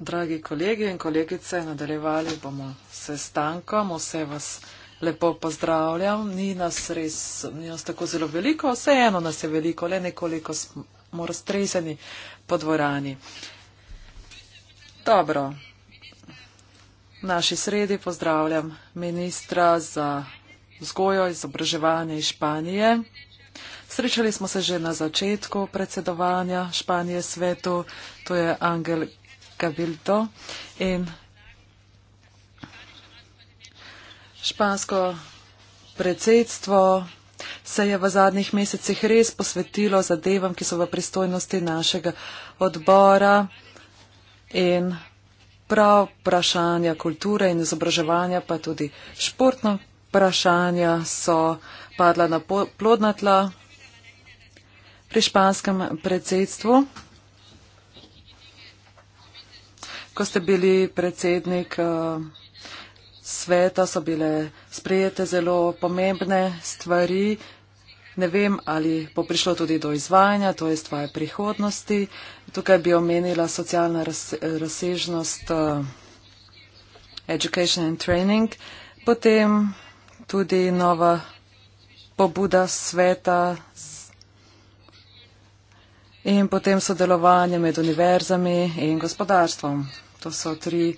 Dragi kolegi in kolegice, nadaljevali bomo sestankom. Vse vas lepo pozdravljam. Ni nas res ni nas tako zelo veliko, vseeno nas je veliko, le nekoliko smo raztreseni po dvorani. Dobro. V naši sredi pozdravljam ministra za vzgojo in izobraževanje iz Španije. Srečali smo se že na začetku predsedovanja Španije svetu, to je Angel Gabildo in špansko predsedstvo se je v zadnjih mesecih res posvetilo zadevam, ki so v pristojnosti našega odbora in prav vprašanja kulture in izobraževanja, pa tudi športno vprašanja so padla na plodna tla pri španskem predsedstvu. Ko ste bili predsednik eh, sveta, so bile sprejete zelo pomembne stvari. Ne vem, ali bo prišlo tudi do izvajanja, to je stvar prihodnosti. Tukaj bi omenila socialna razsežnost eh, education and training, potem tudi nova pobuda sveta in potem sodelovanje med univerzami in gospodarstvom. To so tri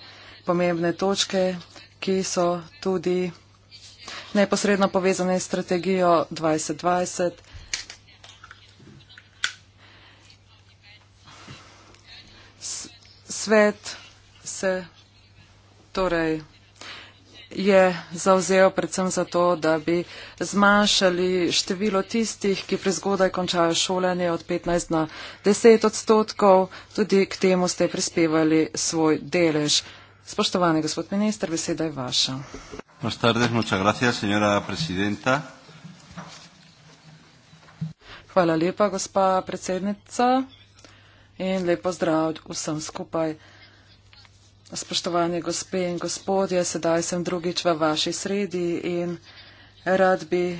pomembne točke, ki so tudi neposredno povezane s strategijo 2020. Svet se torej je zauzel predvsem za to, da bi zmanjšali število tistih, ki prezgodaj končajo šolanje od 15 na 10 odstotkov. Tudi k temu ste prispevali svoj delež. Spoštovani gospod minister, beseda je vaša. Hvala lepa, gospa predsednica. In lepo zdrav vsem skupaj. Spoštovani gospe in gospodje, sedaj sem drugič v vaši sredi in rad bi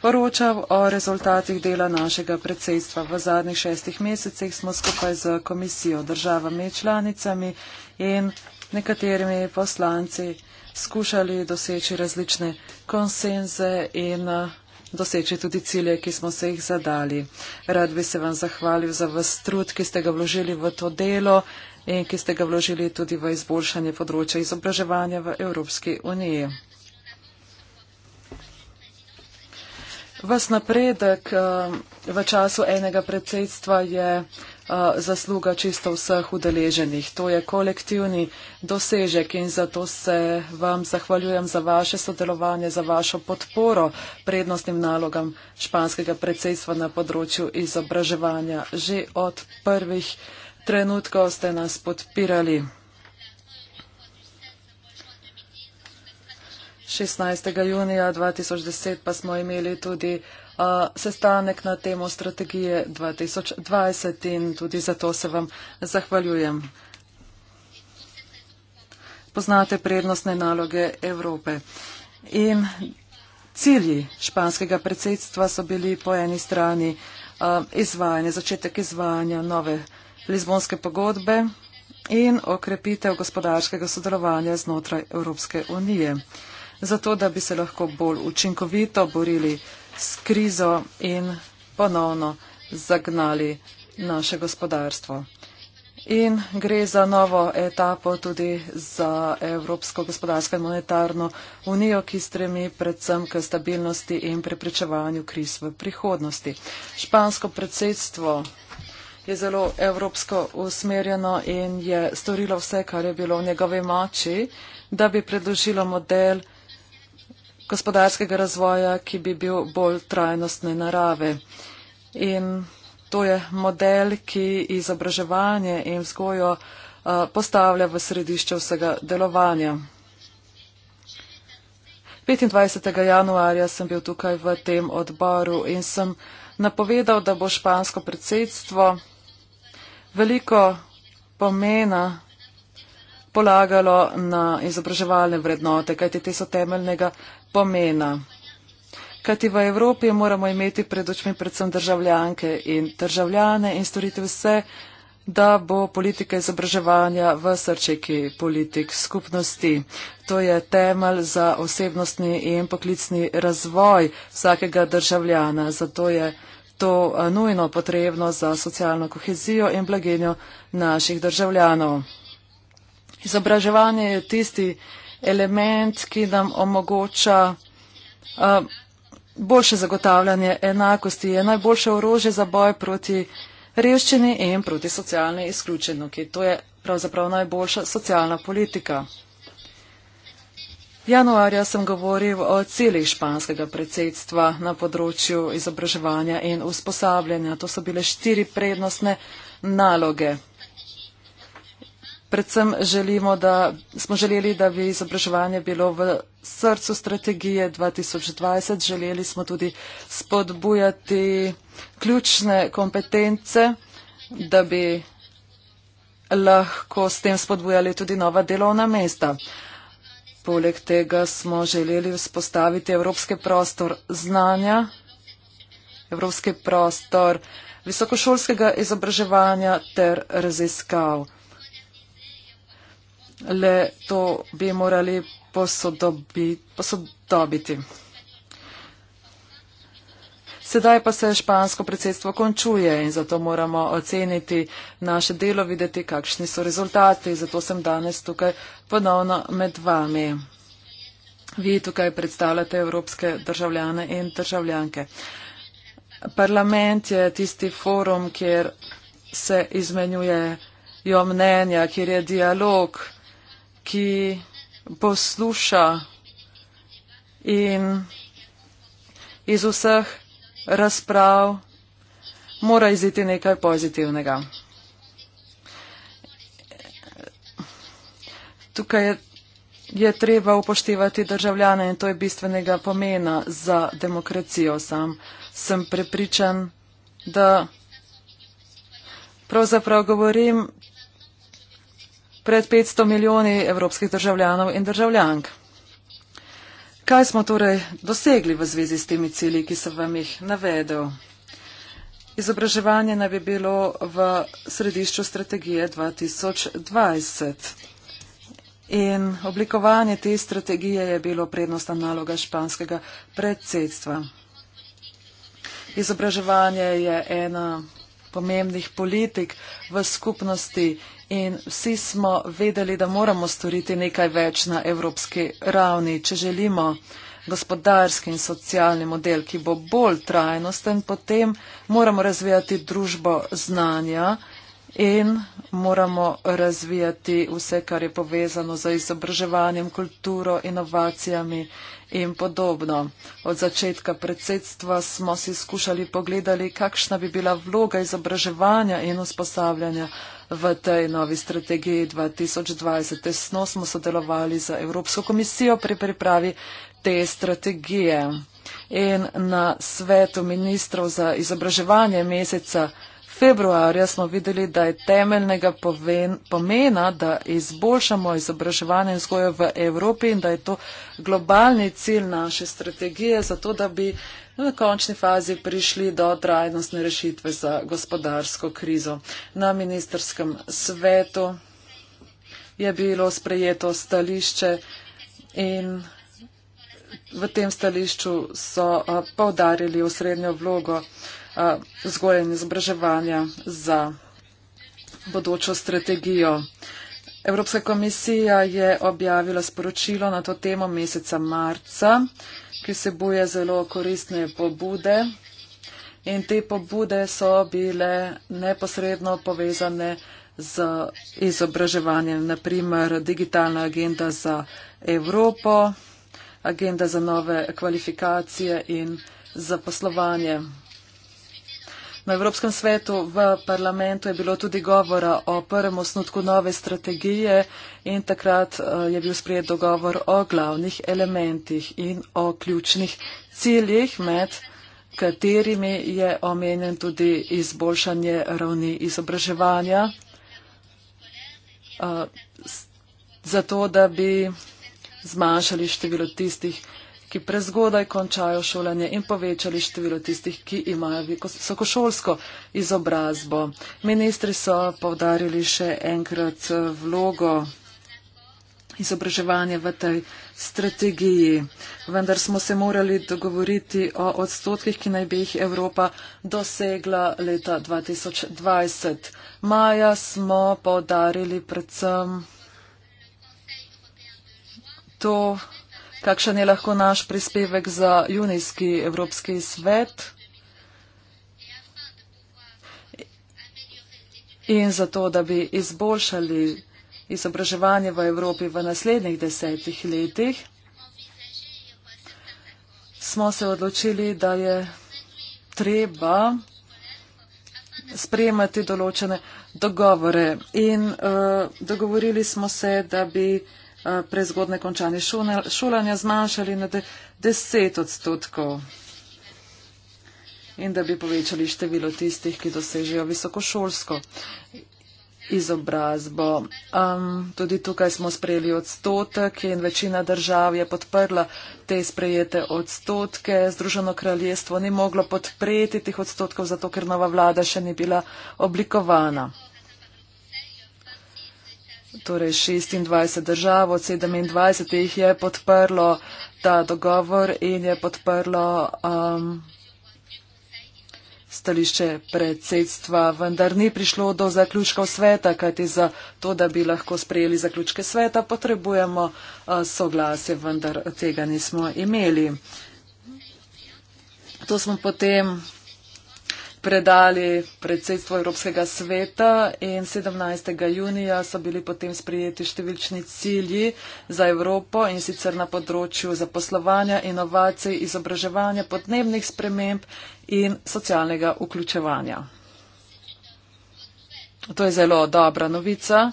poročal o rezultatih dela našega predsedstva. V zadnjih šestih mesecih smo skupaj z komisijo, državami, članicami in nekaterimi poslanci skušali doseči različne konsenze in eh, doseči tudi cilje, ki smo se jih zadali. Rad bi se vam zahvalil za vas trud, ki ste ga vložili v to delo in ki ste ga vložili tudi v izboljšanje področja izobraževanja v Evropski uniji. Vas napredek eh, v času enega predsedstva je eh, zasluga čisto vseh udeleženih. To je kolektivni dosežek in zato se vam zahvaljujem za vaše sodelovanje, za vašo podporo prednostnim nalogam španskega predsedstva na področju izobraževanja. Že od prvih trenutkov ste nas podpirali. 16. junija 2010 pa smo imeli tudi uh, sestanek na temo strategije 2020 in tudi zato se vam zahvaljujem. Poznate prednostne naloge Evrope. In cilji španskega predsedstva so bili po eni strani uh, izvajanje, začetek izvajanja nove Lizbonske pogodbe in okrepitev gospodarskega sodelovanja znotraj Evropske unije. Zato, da bi se lahko bolj učinkovito borili s krizo in ponovno zagnali naše gospodarstvo. In gre za novo etapo tudi za Evropsko gospodarsko in monetarno unijo, ki stremi predvsem k stabilnosti in preprečevanju kriz v prihodnosti. Špansko predsedstvo je zelo evropsko usmerjeno in je storilo vse, kar je bilo v njegovi moči, da bi predložilo model gospodarskega razvoja, ki bi bil bolj trajnostne narave. In to je model, ki izobraževanje in vzgojo uh, postavlja v središče vsega delovanja. 25. januarja sem bil tukaj v tem odboru in sem napovedal, da bo špansko predsedstvo veliko pomena polagalo na izobraževalne vrednote, kajti te so temeljnega pomena. Kajti v Evropi moramo imeti pred očmi predvsem državljanke in državljane in storiti vse, da bo politika izobraževanja v srčeki politik skupnosti. To je temelj za osebnostni in poklicni razvoj vsakega državljana. Zato je to eh, nujno potrebno za socialno kohezijo in blaginjo naših državljanov. Izobraževanje je tisti element, ki nam omogoča uh, boljše zagotavljanje enakosti, je najboljše orožje za boj proti revščini in proti socialni izključenosti. To je pravzaprav najboljša socialna politika. Januarja sem govoril o celi španskega predsedstva na področju izobraževanja in usposabljanja. To so bile štiri prednostne naloge. Predvsem želimo, da, smo želeli, da bi izobraževanje bilo v srcu strategije 2020. Želeli smo tudi spodbujati ključne kompetence, da bi lahko s tem spodbujali tudi nova delovna mesta. Poleg tega smo želeli vzpostaviti evropski prostor znanja, evropski prostor visokošolskega izobraževanja ter raziskav. Le to bi morali posodobiti. Sedaj pa se špansko predsedstvo končuje in zato moramo oceniti naše delo, videti, kakšni so rezultati. Zato sem danes tukaj ponovno med vami. Vi tukaj predstavljate evropske državljane in državljanke. Parlament je tisti forum, kjer se izmenjujejo mnenja, kjer je dialog, ki posluša in iz vseh razprav mora iziti nekaj pozitivnega. Tukaj je, je treba upoštevati državljane in to je bistvenega pomena za demokracijo. Sam sem prepričan, da pravzaprav govorim pred 500 milijoni evropskih državljanov in državljank. Kaj smo torej dosegli v zvezi s temi cilji, ki sem vam jih navedel? Izobraževanje naj bi bilo v središču strategije 2020. In oblikovanje te strategije je bilo prednostna naloga španskega predsedstva. Izobraževanje je ena pomembnih politik v skupnosti in vsi smo vedeli, da moramo storiti nekaj več na evropski ravni. Če želimo gospodarski in socialni model, ki bo bolj trajnosten, potem moramo razvijati družbo znanja in moramo razvijati vse, kar je povezano z izobraževanjem, kulturo, inovacijami in podobno. Od začetka predsedstva smo si skušali pogledati, kakšna bi bila vloga izobraževanja in usposabljanja v tej novi strategiji 2020. Tesno smo sodelovali z Evropsko komisijo pri pripravi te strategije. In na svetu ministrov za izobraževanje meseca februarja smo videli, da je temeljnega poven, pomena, da izboljšamo izobraževanje in vzgojo v Evropi in da je to globalni cilj naše strategije, zato da bi v končni fazi prišli do trajnostne rešitve za gospodarsko krizo. Na ministerskem svetu je bilo sprejeto stališče in. V tem stališču so eh, poudarili osrednjo vlogo vzgoje in izobraževanja za bodočo strategijo. Evropska komisija je objavila sporočilo na to temo meseca marca, ki vsebuje zelo koristne pobude in te pobude so bile neposredno povezane z izobraževanjem, naprimer digitalna agenda za Evropo, agenda za nove kvalifikacije in zaposlovanje. Na Evropskem svetu v parlamentu je bilo tudi govora o prvem osnutku nove strategije in takrat eh, je bil sprejet dogovor o glavnih elementih in o ključnih ciljih, med katerimi je omenjen tudi izboljšanje ravni izobraževanja. Eh, zato, da bi zmanjšali število tistih, ki prezgodaj končajo šolanje in povečali število tistih, ki imajo visokošolsko izobrazbo. Ministri so povdarili še enkrat vlogo izobraževanja v tej strategiji. Vendar smo se morali dogovoriti o odstotkih, ki naj bi jih Evropa dosegla leta 2020. Maja smo povdarili predvsem to, Kakšen je lahko naš prispevek za junijski Evropski svet? In zato, da bi izboljšali izobraževanje v Evropi v naslednjih desetih letih, smo se odločili, da je treba sprejemati določene dogovore. In uh, dogovorili smo se, da bi. Eh, prezgodne končanje šolanja zmanjšali na 10 odstotkov in da bi povečali število tistih, ki dosežejo visokošolsko izobrazbo. Um, tudi tukaj smo sprejeli odstotek in večina držav je podprla te sprejete odstotke. Združeno kraljestvo ni moglo podpreti teh odstotkov, zato ker nova vlada še ni bila oblikovana torej 26 držav, od 27 jih je podprlo ta dogovor in je podprlo um, stališče predsedstva, vendar ni prišlo do zaključkov sveta, kajti za to, da bi lahko sprejeli zaključke sveta, potrebujemo uh, soglasje, vendar tega nismo imeli. To smo potem predali predsedstvo Evropskega sveta in 17. junija so bili potem sprijeti številčni cilji za Evropo in sicer na področju zaposlovanja, inovacij, izobraževanja, podnebnih sprememb in socialnega vključevanja. To je zelo dobra novica,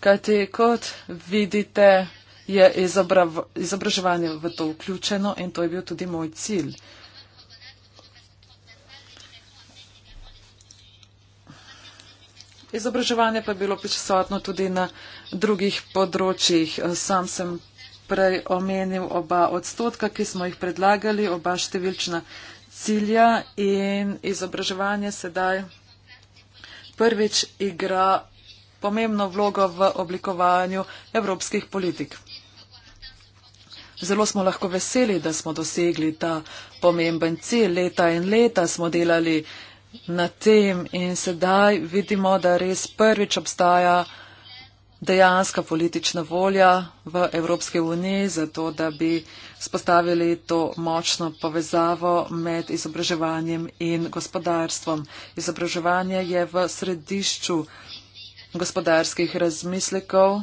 kajti kot vidite, je izobraževanje v to vključeno in to je bil tudi moj cilj. Izobraževanje pa je bilo prisotno tudi na drugih področjih. Sam sem prej omenil oba odstotka, ki smo jih predlagali, oba številčna cilja in izobraževanje sedaj prvič igra pomembno vlogo v oblikovanju evropskih politik. Zelo smo lahko veseli, da smo dosegli ta pomemben cilj. Leta in leta smo delali na tem in sedaj vidimo, da res prvič obstaja dejanska politična volja v Evropske unije za to, da bi spostavili to močno povezavo med izobraževanjem in gospodarstvom. Izobraževanje je v središču gospodarskih razmislekov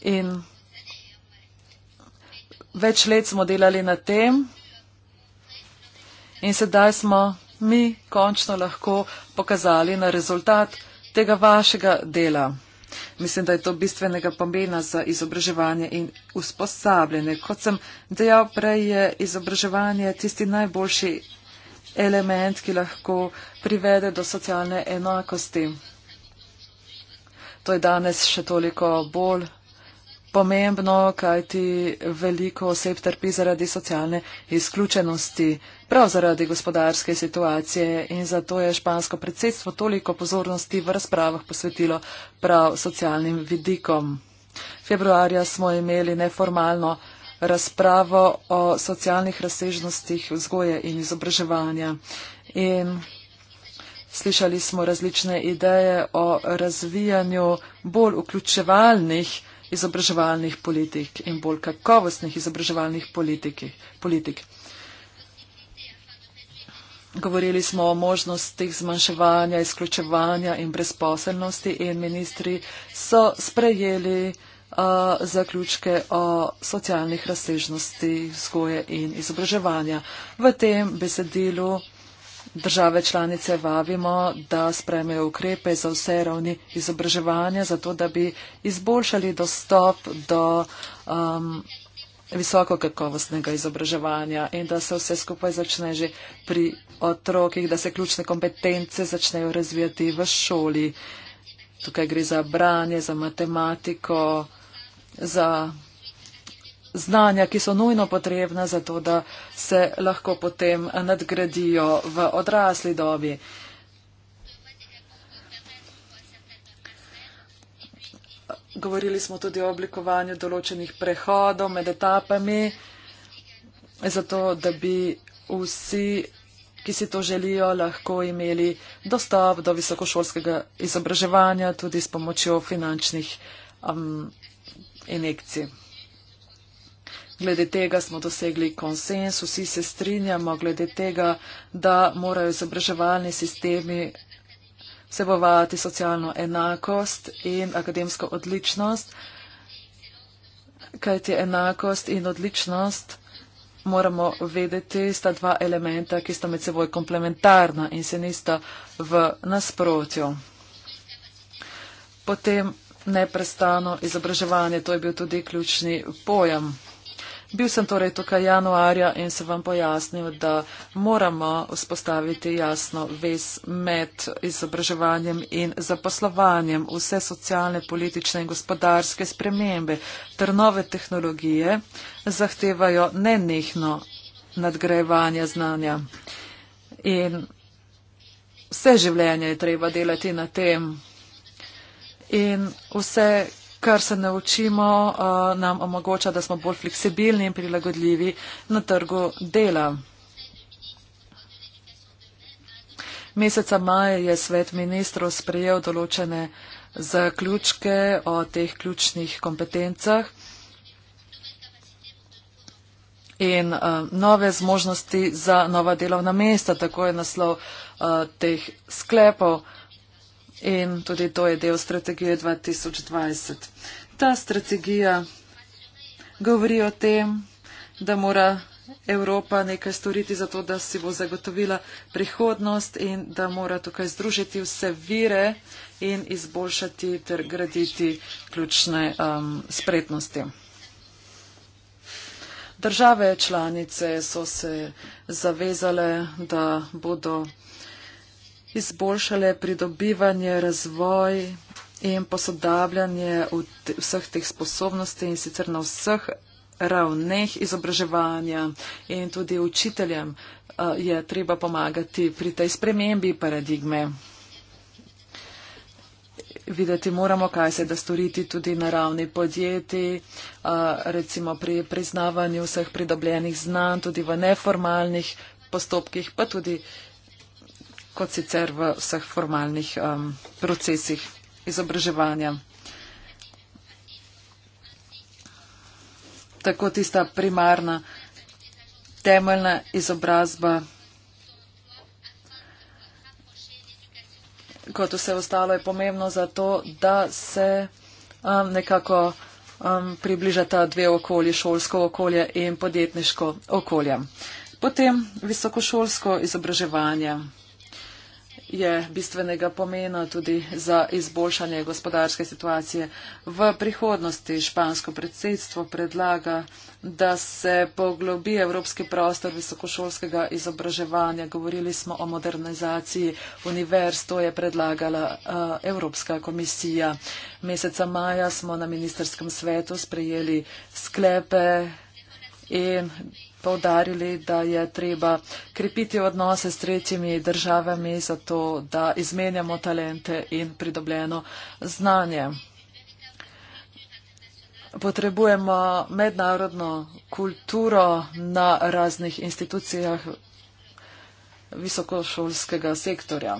in več let smo delali na tem, In sedaj smo mi končno lahko pokazali na rezultat tega vašega dela. Mislim, da je to bistvenega pomena za izobraževanje in usposabljanje. Kot sem dejal prej, je izobraževanje tisti najboljši element, ki lahko privede do socialne enakosti. To je danes še toliko bolj pomembno, kaj ti veliko oseb trpi zaradi socialne izključenosti, prav zaradi gospodarske situacije in zato je špansko predsedstvo toliko pozornosti v razpravah posvetilo prav socialnim vidikom. Februarja smo imeli neformalno razpravo o socialnih razsežnostih vzgoje in izobraževanja. In slišali smo različne ideje o razvijanju bolj vključevalnih izobraževalnih politik in bolj kakovostnih izobraževalnih politik. Govorili smo o možnostih zmanjševanja, izključevanja in brezposelnosti in ministri so sprejeli zaključke o socialnih razsežnosti vzgoje in izobraževanja. V tem besedilu države članice vabimo, da spremejo ukrepe za vse ravni izobraževanja, zato da bi izboljšali dostop do um, visoko kakovostnega izobraževanja in da se vse skupaj začne že pri otrokih, da se ključne kompetence začnejo razvijati v šoli. Tukaj gre za branje, za matematiko, za znanja, ki so nujno potrebna za to, da se lahko potem nadgradijo v odrasli dobi. Govorili smo tudi o oblikovanju določenih prehodov med etapami, zato da bi vsi, ki si to želijo, lahko imeli dostop do visokošolskega izobraževanja tudi s pomočjo finančnih um, injekcij glede tega smo dosegli konsens, vsi se strinjamo glede tega, da morajo izobraževalni sistemi sebovati socialno enakost in akademsko odličnost, kajti enakost in odličnost moramo vedeti, sta dva elementa, ki sta med seboj komplementarna in se nista v nasprotju. Potem neprestano izobraževanje, to je bil tudi ključni pojem. Bil sem torej tukaj januarja in se vam pojasnil, da moramo vzpostaviti jasno vez med izobraževanjem in zaposlovanjem. Vse socialne, politične in gospodarske spremembe ter nove tehnologije zahtevajo nenehno nadgrajevanje znanja. In vse življenje je treba delati na tem. In vse, kar se naučimo, eh, nam omogoča, da smo bolj fleksibilni in prilagodljivi na trgu dela. Meseca maja je svet ministrov sprejel določene zaključke o teh ključnih kompetencah in uh, nove zmožnosti za nova delovna mesta, tako je naslov uh, teh sklepov. Uh, in tudi to je del strategije 2020. Ta strategija govori o tem, da mora Evropa nekaj storiti za to, da si bo zagotovila prihodnost in da mora tukaj združiti vse vire in izboljšati ter graditi ključne um, spretnosti. Države članice so se zavezale, da bodo uh, izboljšale pridobivanje, razvoj in posodabljanje vseh teh sposobnosti in sicer na vseh ravneh izobraževanja in tudi učiteljem je treba pomagati pri tej spremembi paradigme. Videti moramo, kaj se da storiti tudi na ravni podjetij, recimo pri priznavanju vseh pridobljenih znanj, tudi v neformalnih postopkih, pa tudi kot sicer v vseh formalnih um, procesih izobraževanja. Tako tista primarna temeljna izobrazba, kot vse ostalo, je pomembno za to, da se um, nekako um, približata dve okolje, šolsko okolje in podjetniško okolje. Potem visokošolsko izobraževanje je bistvenega pomena tudi za izboljšanje gospodarske situacije. V prihodnosti špansko predsedstvo predlaga, da se poglobi evropski prostor visokošolskega izobraževanja. Govorili smo o modernizaciji univerz, to je predlagala uh, Evropska komisija. Meseca maja smo na ministerskem svetu sprejeli sklepe in povdarili, da je treba krepiti odnose s tretjimi državami za to, da izmenjamo talente in pridobljeno znanje. Potrebujemo mednarodno kulturo na raznih institucijah visokošolskega sektorja.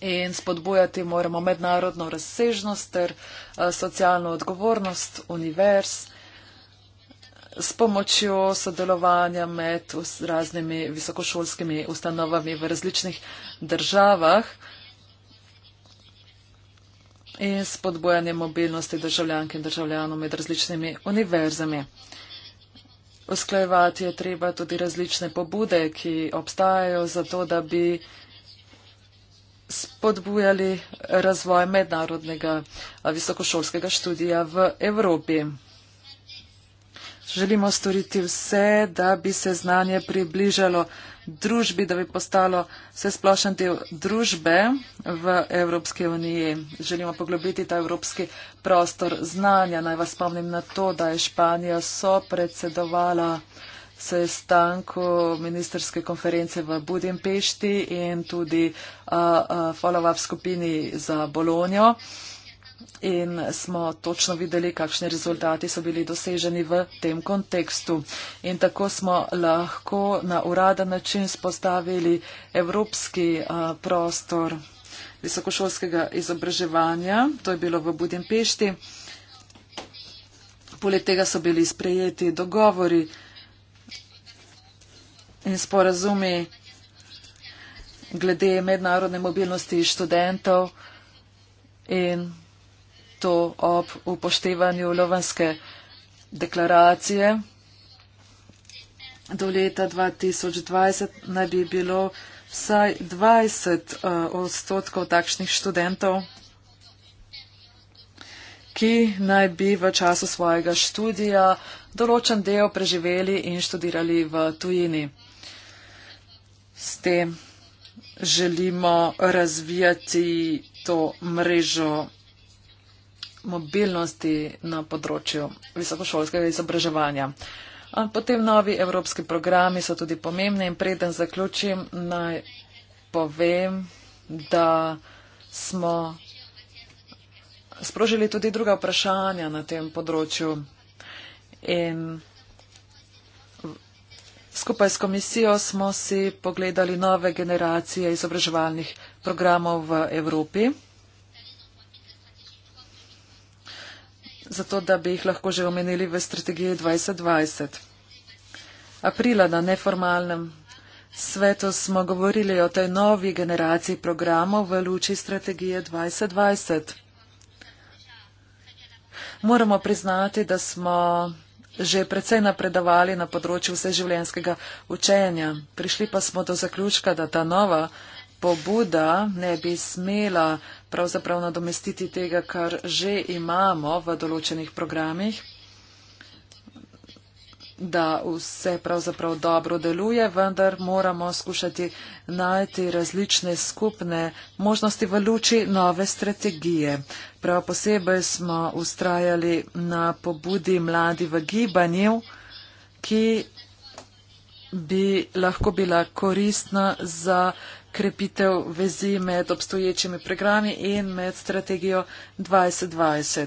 In spodbujati moramo mednarodno razsežnost ter eh, socialno odgovornost univerz, s pomočjo sodelovanja med raznimi visokošolskimi ustanovami v različnih državah in spodbojanje mobilnosti državljank in državljanov med različnimi univerzami. Usklajevati je treba tudi različne pobude, ki obstajajo za to, da bi spodbujali razvoj mednarodnega visokošolskega študija v Evropi. Želimo storiti vse, da bi se znanje približalo družbi, da bi postalo vse splošen del družbe v Evropske unije. Želimo poglobiti ta evropski prostor znanja. Naj vas spomnim na to, da je Španija so predsedovala sestanku ministerske konference v Budimpešti in tudi uh, uh, follow-up skupini za Bolonijo. Uh, in smo točno videli, kakšni rezultati so bili doseženi v tem kontekstu. In tako smo lahko na uraden način spostavili evropski prostor visokošolskega izobraževanja. To je bilo v Budimpešti. Poleg tega so bili sprejeti dogovori in sporazumi glede mednarodne mobilnosti študentov in to ob upoštevanju Lovanske deklaracije. Do leta 2020 naj bi bilo vsaj 20 eh, odstotkov takšnih študentov, ki naj bi v času svojega študija določen del preživeli in študirali v tujini. S tem želimo razvijati to mrežo mobilnosti na področju visokošolskega izobraževanja. Potem novi evropski programi so tudi pomembni in preden zaključim, naj povem, da smo sprožili tudi druga vprašanja na tem področju in skupaj s komisijo smo si pogledali nove generacije izobraževalnih programov v Evropi. zato da bi jih lahko že omenili v strategiji 2020. Aprila na neformalnem svetu smo govorili o tej novi generaciji programov v luči strategije 2020. Moramo priznati, da smo že precej napredovali na področju vseživljenjskega učenja. Prišli pa smo do zaključka, da ta nova pobuda ne bi smela pravzaprav nadomestiti tega, kar že imamo v določenih programih, da vse pravzaprav dobro deluje, vendar moramo skušati najti različne skupne možnosti v luči nove strategije. Prav posebej smo ustrajali na pobudi mladi v gibanju, ki bi lahko bila koristna za krepitev vezi med obstoječimi programi in med strategijo 2020.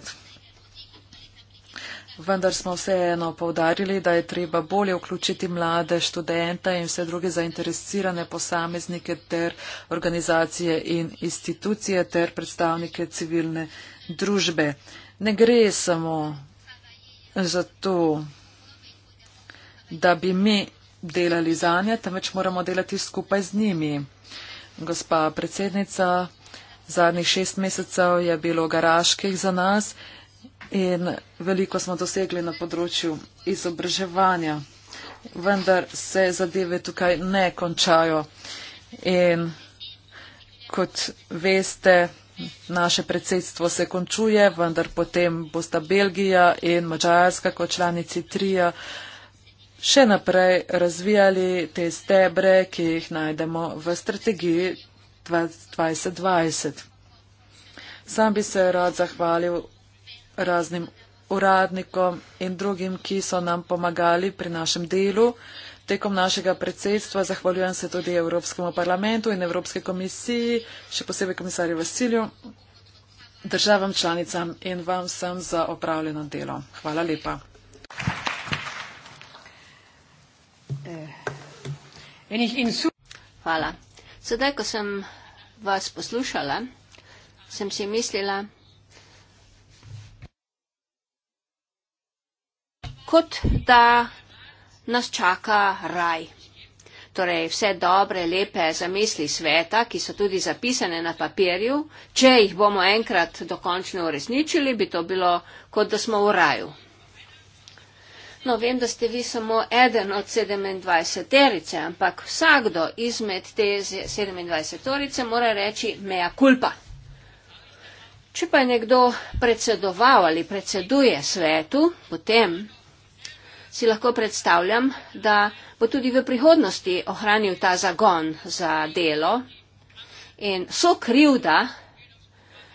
Vendar smo vseeno povdarili, da je treba bolje vključiti mlade študente in vse druge zainteresirane posameznike ter organizacije in institucije ter predstavnike civilne družbe. Ne gre samo za to, da bi mi delali za nje, temveč moramo delati skupaj z njimi. Gospa predsednica, zadnjih šest mesecev je bilo garaških za nas in veliko smo dosegli na področju izobraževanja, vendar se zadeve tukaj ne končajo. In kot veste, naše predsedstvo se končuje, vendar potem bosta Belgija in Mačarska kot članici trija še naprej razvijali te stebre, ki jih najdemo v strategiji 2020. Sam bi se rad zahvalil raznim uradnikom in drugim, ki so nam pomagali pri našem delu. Tekom našega predsedstva zahvaljujem se tudi Evropskemu parlamentu in Evropske komisiji, še posebej komisarju Vasilju, državam članicam in vam vsem za opravljeno delo. Hvala lepa. Thank you. Hvala. Sedaj, ko sem vas poslušala, sem si mislila, kot da nas čaka raj. Torej, vse dobre, lepe zamisli sveta, ki so tudi zapisane na papirju, če jih bomo enkrat dokončno uresničili, bi to bilo, kot da smo v raju. No, vem, da ste vi samo eden od 27 terice, ampak vsakdo izmed te 27 terice mora reči mea culpa. Če pa je nekdo predsedoval ali predseduje svetu, potem si lahko predstavljam, da bo tudi v prihodnosti ohranil ta zagon za delo in so krivda,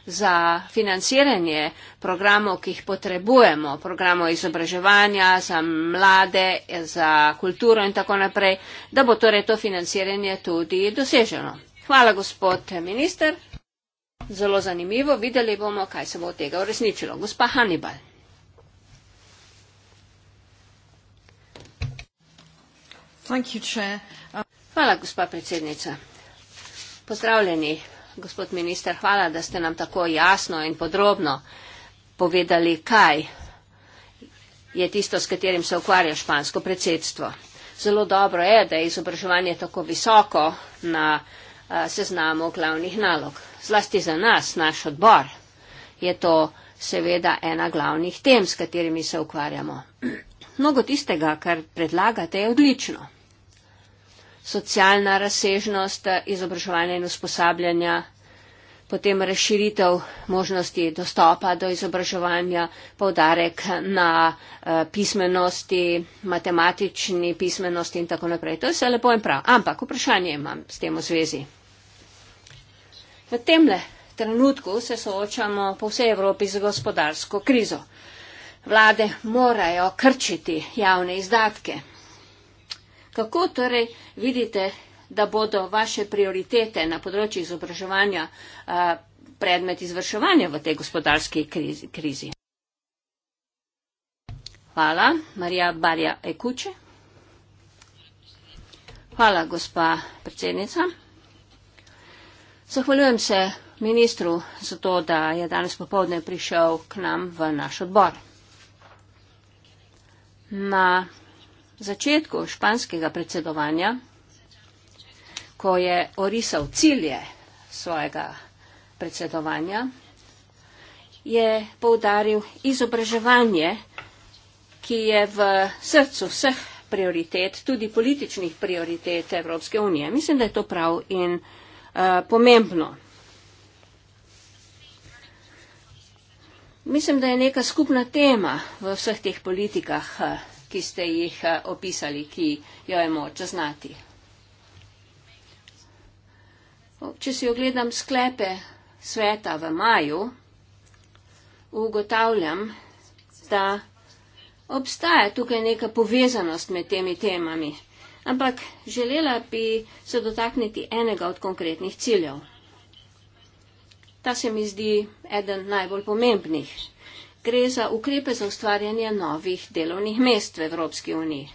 za financiranje programov, ki jih potrebujemo, programov izobraževanja za mlade, za kulturo in tako naprej, da bo torej to financiranje tudi doseženo. Hvala, gospod minister. Zelo zanimivo, videli bomo, kaj se bo od tega uresničilo. Gospa Hannibal. Hvala, gospa predsednica. Pozdravljeni gospod minister, hvala, da ste nam tako jasno in podrobno povedali, kaj je tisto, s katerim se ukvarja špansko predsedstvo. Zelo dobro je, da je izobraževanje tako visoko na seznamu glavnih nalog. Zlasti za nas, naš odbor, je to seveda ena glavnih tem, s katerimi se ukvarjamo. Mnogo tistega, kar predlagate, je odlično socialna razsežnost izobraževanja in usposabljanja, potem razširitev možnosti dostopa do izobraževanja, povdarek na eh, pismenosti, matematični pismenosti in tako naprej. To je vse lepo in prav. Ampak vprašanje imam s tem v zvezi. V temle trenutku se soočamo po vsej Evropi z gospodarsko krizo. Vlade morajo krčiti javne izdatke. Kako torej vidite, da bodo vaše prioritete na področju izobraževanja predmet izvrševanja v tej gospodarski krizi? Hvala, Marija Barja Ekuče. Hvala, gospa predsednica. Zahvaljujem se ministru za to, da je danes popovdne prišel k nam v naš odbor. Na začetku španskega predsedovanja, ko je orisal cilje svojega predsedovanja, je poudaril izobraževanje, ki je v srcu vseh prioritet, tudi političnih prioritet Evropske unije. Mislim, da je to prav in uh, pomembno. Mislim, da je neka skupna tema v vseh teh politikah. Uh, ki ste jih eh, opisali, ki jo je moč znati. Če si ogledam sklepe sveta v maju, ugotavljam, da obstaja tukaj neka povezanost med temi temami. Ampak želela bi se dotakniti enega od konkretnih ciljev. Ta se mi zdi eden najbolj pomembnih gre za ukrepe za ustvarjanje novih delovnih mest v Evropski uniji.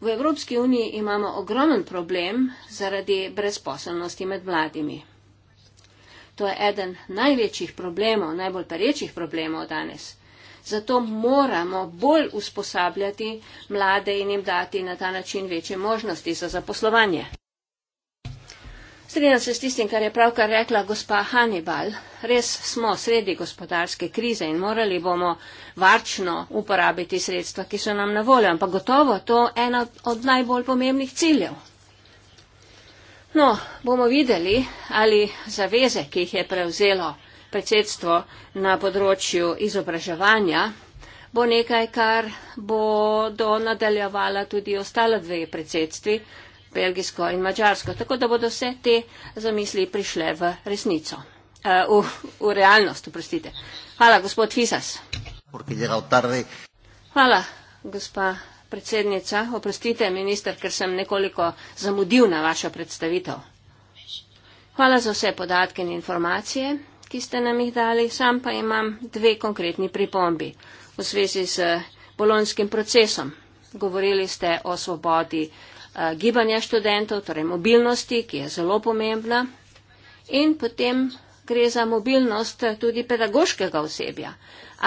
V Evropski uniji imamo ogromen problem zaradi brezposelnosti med mladimi. To je eden največjih problemov, najbolj perečih problemov danes. Zato moramo bolj usposabljati mlade in jim dati na ta način večje možnosti za zaposlovanje. Strinjam se s tistim, kar je pravkar rekla gospa Hannibal. Res smo sredi gospodarske krize in morali bomo varčno uporabiti sredstva, ki so nam na voljo, ampak gotovo to je ena od najbolj pomembnih ciljev. No, bomo videli, ali zaveze, ki jih je prevzelo predsedstvo na področju izobraževanja, bo nekaj, kar bodo nadaljevala tudi ostala dve predsedstvi, Belgijsko in Mačarsko. Tako da bodo vse te zamisli prišle v resnico, eh, v, v realnost. Uprostite. Hvala, gospod Fisas. Hvala, gospa predsednica. Oprostite, minister, ker sem nekoliko zamudil na vašo predstavitev. Hvala za vse podatke in informacije, ki ste nam jih dali. Sam pa imam dve konkretni pripombi v zvezi z bolonskim procesom. Govorili ste o svobodi Eh, gibanja študentov, torej mobilnosti, ki je zelo pomembna. In potem gre za mobilnost tudi pedagoškega osebja.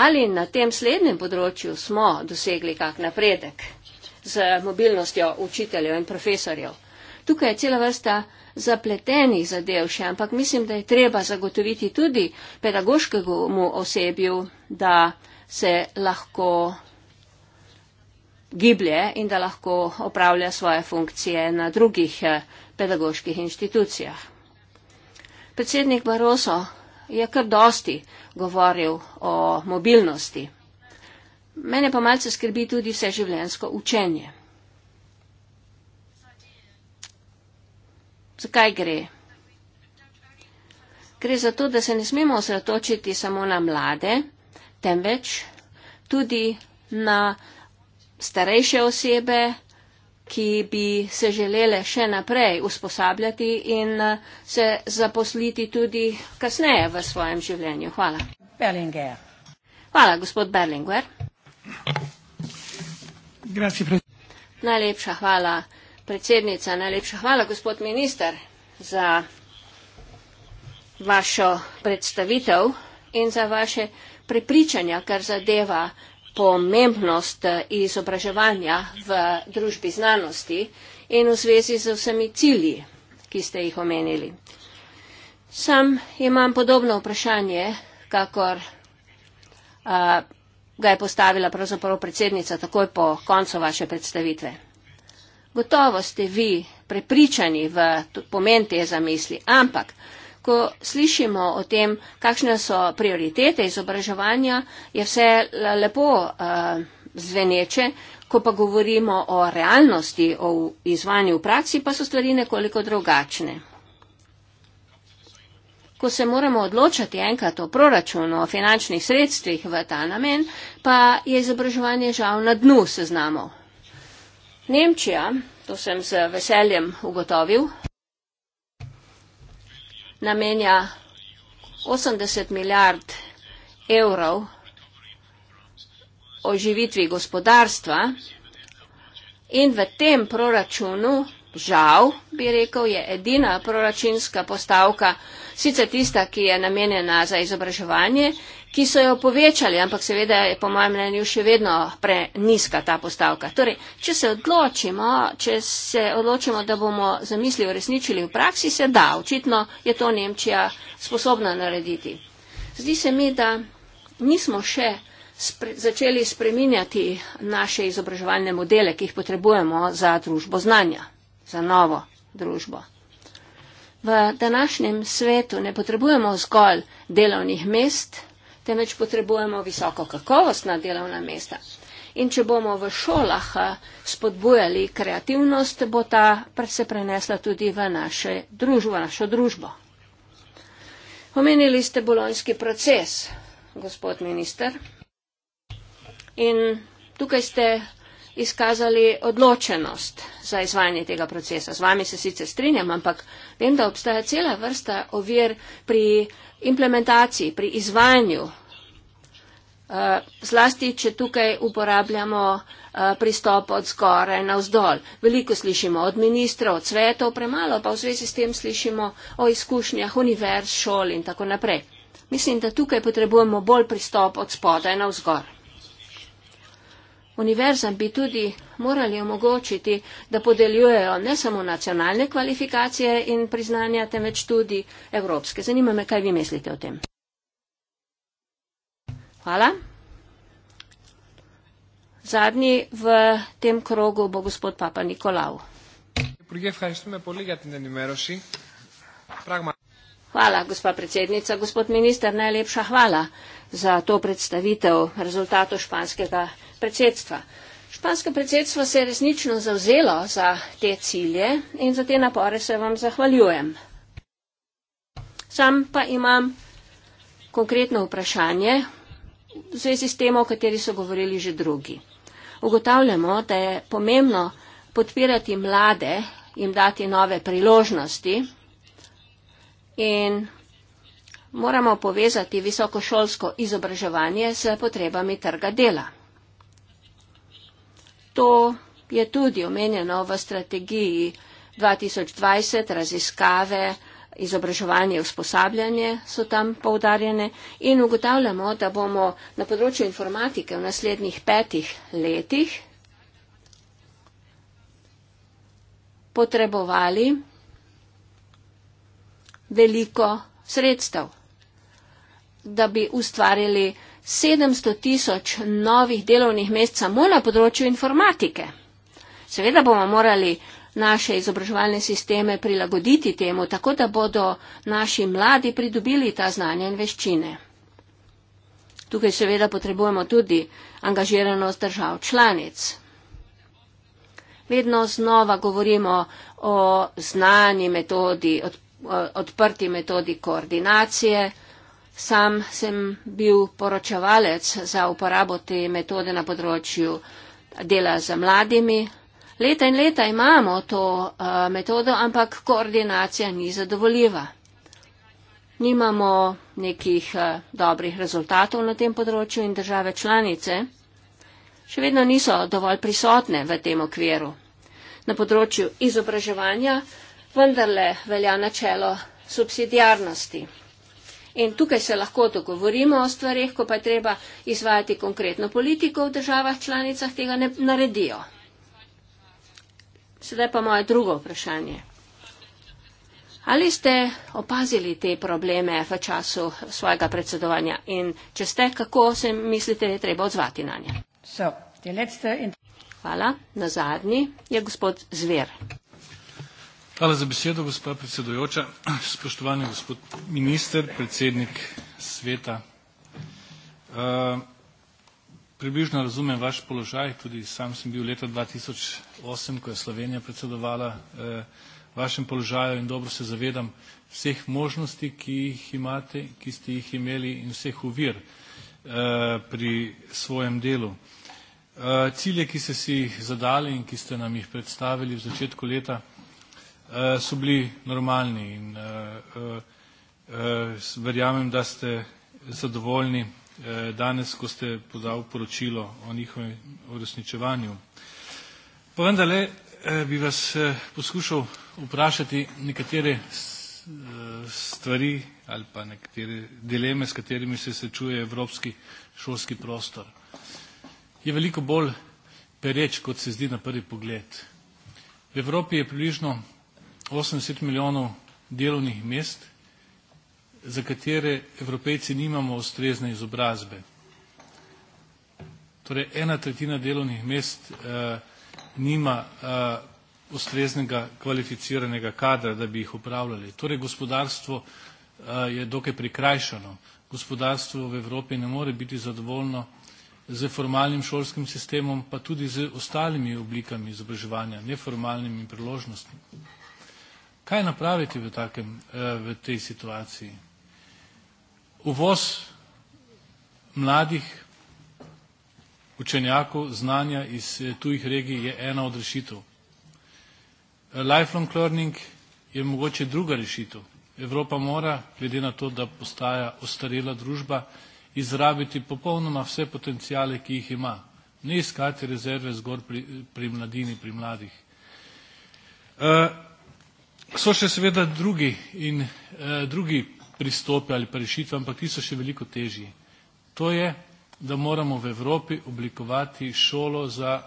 Ali na tem slednjem področju smo dosegli kak napredek z mobilnostjo učiteljev in profesorjev? Tukaj je cela vrsta zapletenih zadev še, ampak mislim, da je treba zagotoviti tudi pedagoškemu osebju, da se lahko giblje in da lahko opravlja svoje funkcije na drugih eh, pedagoških inštitucijah. Predsednik Baroso je kar dosti govoril o mobilnosti. Mene pa malce skrbi tudi vseživljensko učenje. Zakaj gre? Gre za to, da se ne smemo osredotočiti samo na mlade, temveč tudi na starejše osebe, ki bi se želele še naprej usposabljati in eh, se zaposliti tudi kasneje v svojem življenju. Hvala. Berlinger. Hvala, gospod Berlinguer. Najlepša hvala, predsednica, najlepša hvala, gospod minister, za vašo predstavitev in za vaše prepričanja, kar zadeva pomembnost eh, izobraževanja v družbi znanosti in v zvezi z vsemi cilji, ki ste jih omenili. Sam imam podobno vprašanje, kakor uh, ga je postavila pravzaprav predsednica takoj po koncu vaše predstavitve. Gotovo ste vi prepričani v pomen te zamisli, ampak ko slišimo o tem, kakšne so prioritete izobraževanja, je vse lepo uh, zveneče, ko pa govorimo o realnosti, o izvanju v praksi, pa so stvari nekoliko drugačne. Ko se moramo odločati enkrat o proračunu, o finančnih sredstvih v ta namen, pa je izobraževanje žal na dnu seznamov. Nemčija, to sem z veseljem ugotovil, namenja 80 milijard evrov oživitvi gospodarstva in v tem proračunu, žal bi rekel, je edina proračunska postavka, sicer tista, ki je namenjena za izobraževanje, ki so jo povečali, ampak seveda je po mojem mnenju še vedno preniska ta postavka. Torej, če se odločimo, če se odločimo, da bomo zamisli uresničili v praksi, se da, očitno je to Nemčija sposobna narediti. Zdi se mi, da nismo še spre, začeli spreminjati naše izobraževalne modele, ki jih potrebujemo za družbo znanja, za novo družbo. V današnjem svetu ne potrebujemo zgolj delovnih mest, temveč potrebujemo visoko kakovostna delovna mesta. In če bomo v šolah eh, spodbujali kreativnost, bo ta se prenesla tudi v, naše družbo, v našo družbo. Omenili ste bolonjski proces, gospod minister. In tukaj ste izkazali odločenost za izvajanje tega procesa. Z vami se sicer strinjam, ampak vem, da obstaja cela vrsta ovir pri implementaciji, pri izvajanju. Eh, zlasti, če tukaj uporabljamo eh, pristop od zgore na vzdolj. Veliko slišimo od ministrov, od svetov, premalo pa v zvezi s tem slišimo o izkušnjah univerz, šol in tako naprej. Mislim, da tukaj potrebujemo bolj pristop od spodaj na vzgor. Univerzam bi tudi morali omogočiti, da podeljujejo ne samo nacionalne kvalifikacije in priznanja, temveč tudi evropske. Zanima me, kaj vi mislite o tem. Hvala. Zadnji v tem krogu bo gospod Papa Nikolav. Hvala, gospa predsednica. Gospod minister, najlepša hvala za to predstavitev rezultatov španskega predsedstva. Špansko predsedstvo se je resnično zavzelo za te cilje in za te napore se vam zahvaljujem. Sam pa imam konkretno vprašanje v zvezi s tem, o kateri so govorili že drugi. Ugotavljamo, da je pomembno podpirati mlade, jim dati nove priložnosti in moramo povezati visokošolsko izobraževanje s potrebami trga dela. To je tudi omenjeno v strategiji 2020 raziskave izobraževanje, usposabljanje so tam poudarjene in ugotavljamo, da bomo na področju informatike v naslednjih petih letih potrebovali veliko sredstev, da bi ustvarili 700 tisoč novih delovnih mest samo na področju informatike. Seveda bomo morali naše izobraževalne sisteme prilagoditi temu, tako da bodo naši mladi pridobili ta znanje in veščine. Tukaj seveda potrebujemo tudi angažiranost držav članic. Vedno znova govorimo o znani metodi, odprti metodi koordinacije. Sam sem bil poročevalec za uporabo te metode na področju dela za mladimi. Leta in leta imamo to uh, metodo, ampak koordinacija ni zadovoljiva. Nimamo nekih uh, dobrih rezultatov na tem področju in države članice še vedno niso dovolj prisotne v tem okviru. Na področju izobraževanja vendarle velja načelo subsidijarnosti. In tukaj se lahko dogovorimo o stvarih, ko pa je treba izvajati konkretno politiko v državah članicah, tega ne naredijo. Sedaj pa moje drugo vprašanje. Ali ste opazili te probleme v času svojega predsedovanja in če ste, kako se mislite, da je treba odzvati na nje? Hvala. Na zadnji je gospod Zver. Hvala za besedo, gospa predsedujoča. Spoštovani gospod minister, predsednik sveta. Eh, približno razumem vaš položaj, tudi sam sem bil leta dva tisoč osem, ko je Slovenija predsedovala, eh, vašemu položaju in dobro se zavedam vseh možnosti, ki jih imate, ki ste jih imeli in vseh ovir, eh, pri svojem delu. Cilje, ki ste si jih zadali in ki ste nam jih predstavili v začetku leta, Eh, so bili normalni in eh, eh, verjamem, da ste zadovoljni danes, ko ste podal poročilo o njihovem uresničevanju. Pa vendarle bi vas poskušal vprašati nekatere stvari ali pa nekatere dileme, s katerimi se srečuje evropski šolski prostor. Je veliko bolj pereč, kot se zdi na prvi pogled. V Evropi je približno 80 milijonov delovnih mest, za katere evropejci nimamo ustrezne izobrazbe. Torej, ena tretjina delovnih mest eh, nima eh, ustreznega kvalificiranega kadra, da bi jih upravljali. Torej, gospodarstvo eh, je dokaj prikrajšano. Gospodarstvo v Evropi ne more biti zadovoljno z formalnim šolskim sistemom, pa tudi z ostalimi oblikami izobraževanja, neformalnimi priložnostmi. Kaj napraviti v, takem, eh, v tej situaciji? Uvoz mladih učenjakov znanja iz eh, tujih regij je ena od rešitev. Lifelong learning je mogoče druga rešitev. Evropa mora, glede na to, da postaja ostarela družba, izrabiti popolnoma vse potencijale, ki jih ima. Ne iskati rezerve zgor pri, pri mladini, pri mladih. Uh, So še seveda drugi, in, eh, drugi pristopi ali pa rešitve, ampak ti so še veliko težji. To je, da moramo v Evropi oblikovati šolo za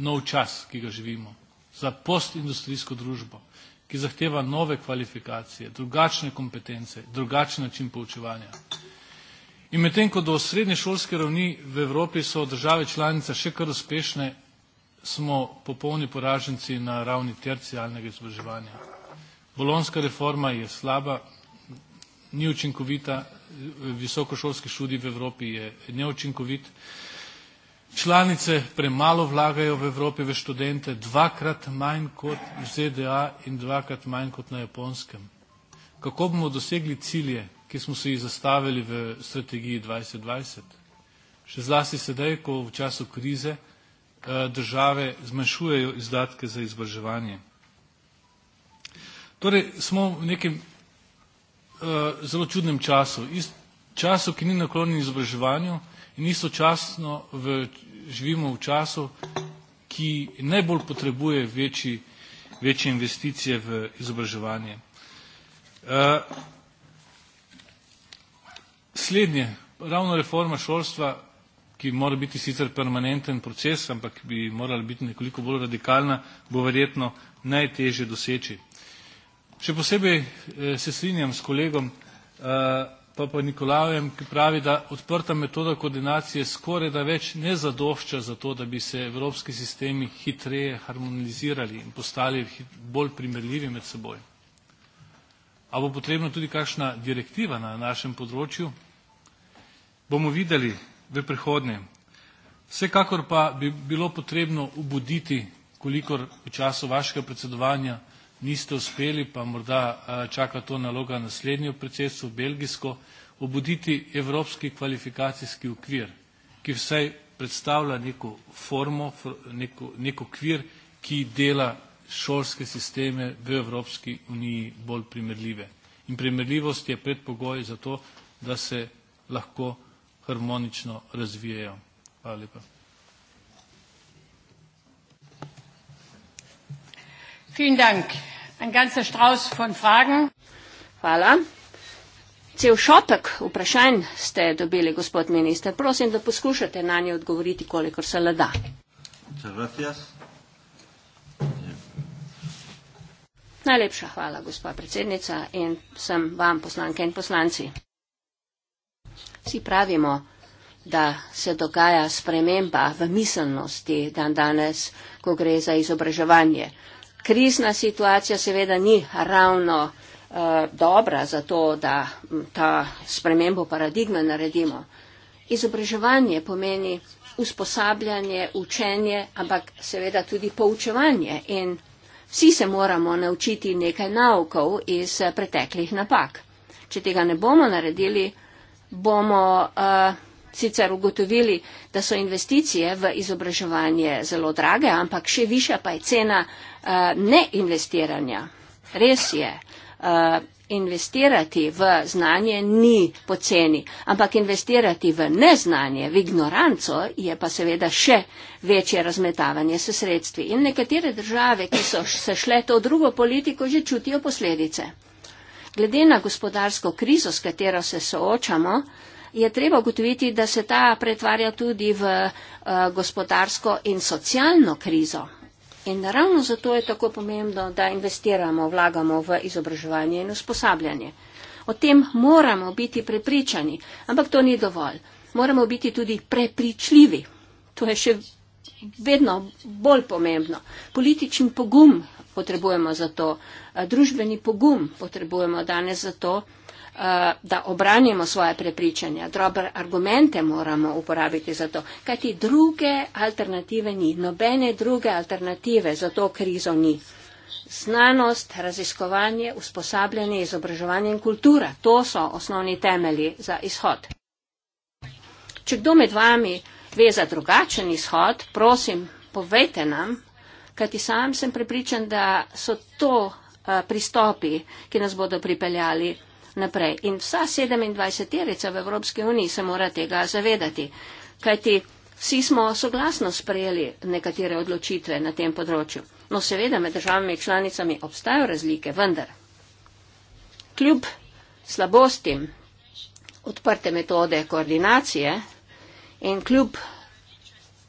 nov čas, ki ga živimo, za postindustrijsko družbo, ki zahteva nove kvalifikacije, drugačne kompetence, drugačen način poučevanja. In medtem ko do srednje šolske ravni v Evropi so države članice še kar uspešne, smo popolni poraženci na ravni tercijalnega izobraževanja. Bolonska reforma je slaba, ni učinkovita, visokošolski študij v Evropi je neučinkovit, članice premalo vlagajo v Evropi v študente, dvakrat manj kot v ZDA in dvakrat manj kot na japonskem. Kako bomo dosegli cilje, ki smo se jih zastavili v strategiji 2020? Še zlasti sedaj, ko v času krize Eh, države zmanjšujejo izdatke za izobraževanje. Torej smo v nekem eh, zelo čudnem času, času, ki ni naklonjen izobraževanju in istočasno v, živimo v času, ki najbolj potrebuje večji, večje investicije v izobraževanje. Eh, slednje, ravno reforma šolstva ki mora biti sicer permanenten proces, ampak bi morala biti nekoliko bolj radikalna, bo verjetno najtežje doseči. Še posebej eh, se strinjam s kolegom eh, Papa Nikolajem, ki pravi, da odprta metoda koordinacije skoraj da več ne zadošča za to, da bi se evropski sistemi hitreje harmonizirali in postali bolj primerljivi med seboj. A bo potrebno tudi kakšna direktiva na našem področju? Bomo videli, v prihodnje. Vsekakor pa bi bilo potrebno obuditi, kolikor v času vašega predsedovanja niste uspeli, pa morda eh, čaka to naloga naslednjo predsedstvo, belgijsko, obuditi evropski kvalifikacijski okvir, ki vsaj predstavlja neko formo, neko, neko kvir, ki dela šolske sisteme v Evropski uniji bolj primerljive. In primerljivost je predpogoj za to, da se lahko harmonično razvijajo. Hvala lepa. Vielen Dank. Ein ganzer Strauß von Fragen. Hvala. Cel šopek vprašanj ste dobili, gospod minister. Prosim, da poskušate na nje odgovoriti, kolikor se le da. Najlepša hvala, gospa predsednica, in vsem vam poslanke in poslanci. Vsi pravimo, da se dogaja sprememba v miselnosti dan danes, ko gre za izobraževanje. Krizna situacija seveda ni ravno uh, dobra za to, da ta spremembo paradigme naredimo. Izobraževanje pomeni usposabljanje, učenje, ampak seveda tudi poučevanje. In vsi se moramo naučiti nekaj naukov iz eh, preteklih napak. Če tega ne bomo naredili, bomo uh, sicer ugotovili, da so investicije v izobraževanje zelo drage, ampak še više pa je cena uh, neinvestiranja. Res je. Uh, investirati v znanje ni poceni, ampak investirati v neznanje, v ignoranco je pa seveda še večje razmetavanje s sredstvi. In nekatere države, ki so se šle to drugo politiko, že čutijo posledice. Glede na gospodarsko krizo, s katero se soočamo, je treba ugotoviti, da se ta pretvarja tudi v eh, gospodarsko in socialno krizo. In ravno zato je tako pomembno, da investiramo, vlagamo v izobraževanje in usposabljanje. O tem moramo biti prepričani, ampak to ni dovolj. Moramo biti tudi prepričljivi. To je še vedno bolj pomembno. Politični pogum potrebujemo za to. Eh, družbeni pogum potrebujemo danes za to, eh, da obranimo svoje prepričanja. Dobre argumente moramo uporabiti za to, kajti druge alternative ni. Nobene druge alternative za to krizo ni. Znanost, raziskovanje, usposabljanje, izobraževanje in kultura. To so osnovni temeli za izhod. Če kdo med vami ve za drugačen izhod, prosim, povejte nam, kajti sam sem prepričan, da so to eh, pristopi, ki nas bodo pripeljali naprej. In vsa 27-terica v Evropski uniji se mora tega zavedati, kajti vsi smo soglasno sprejeli nekatere odločitve na tem področju. No seveda med državami članicami obstajajo razlike, vendar. Kljub slabostim odprte metode koordinacije in kljub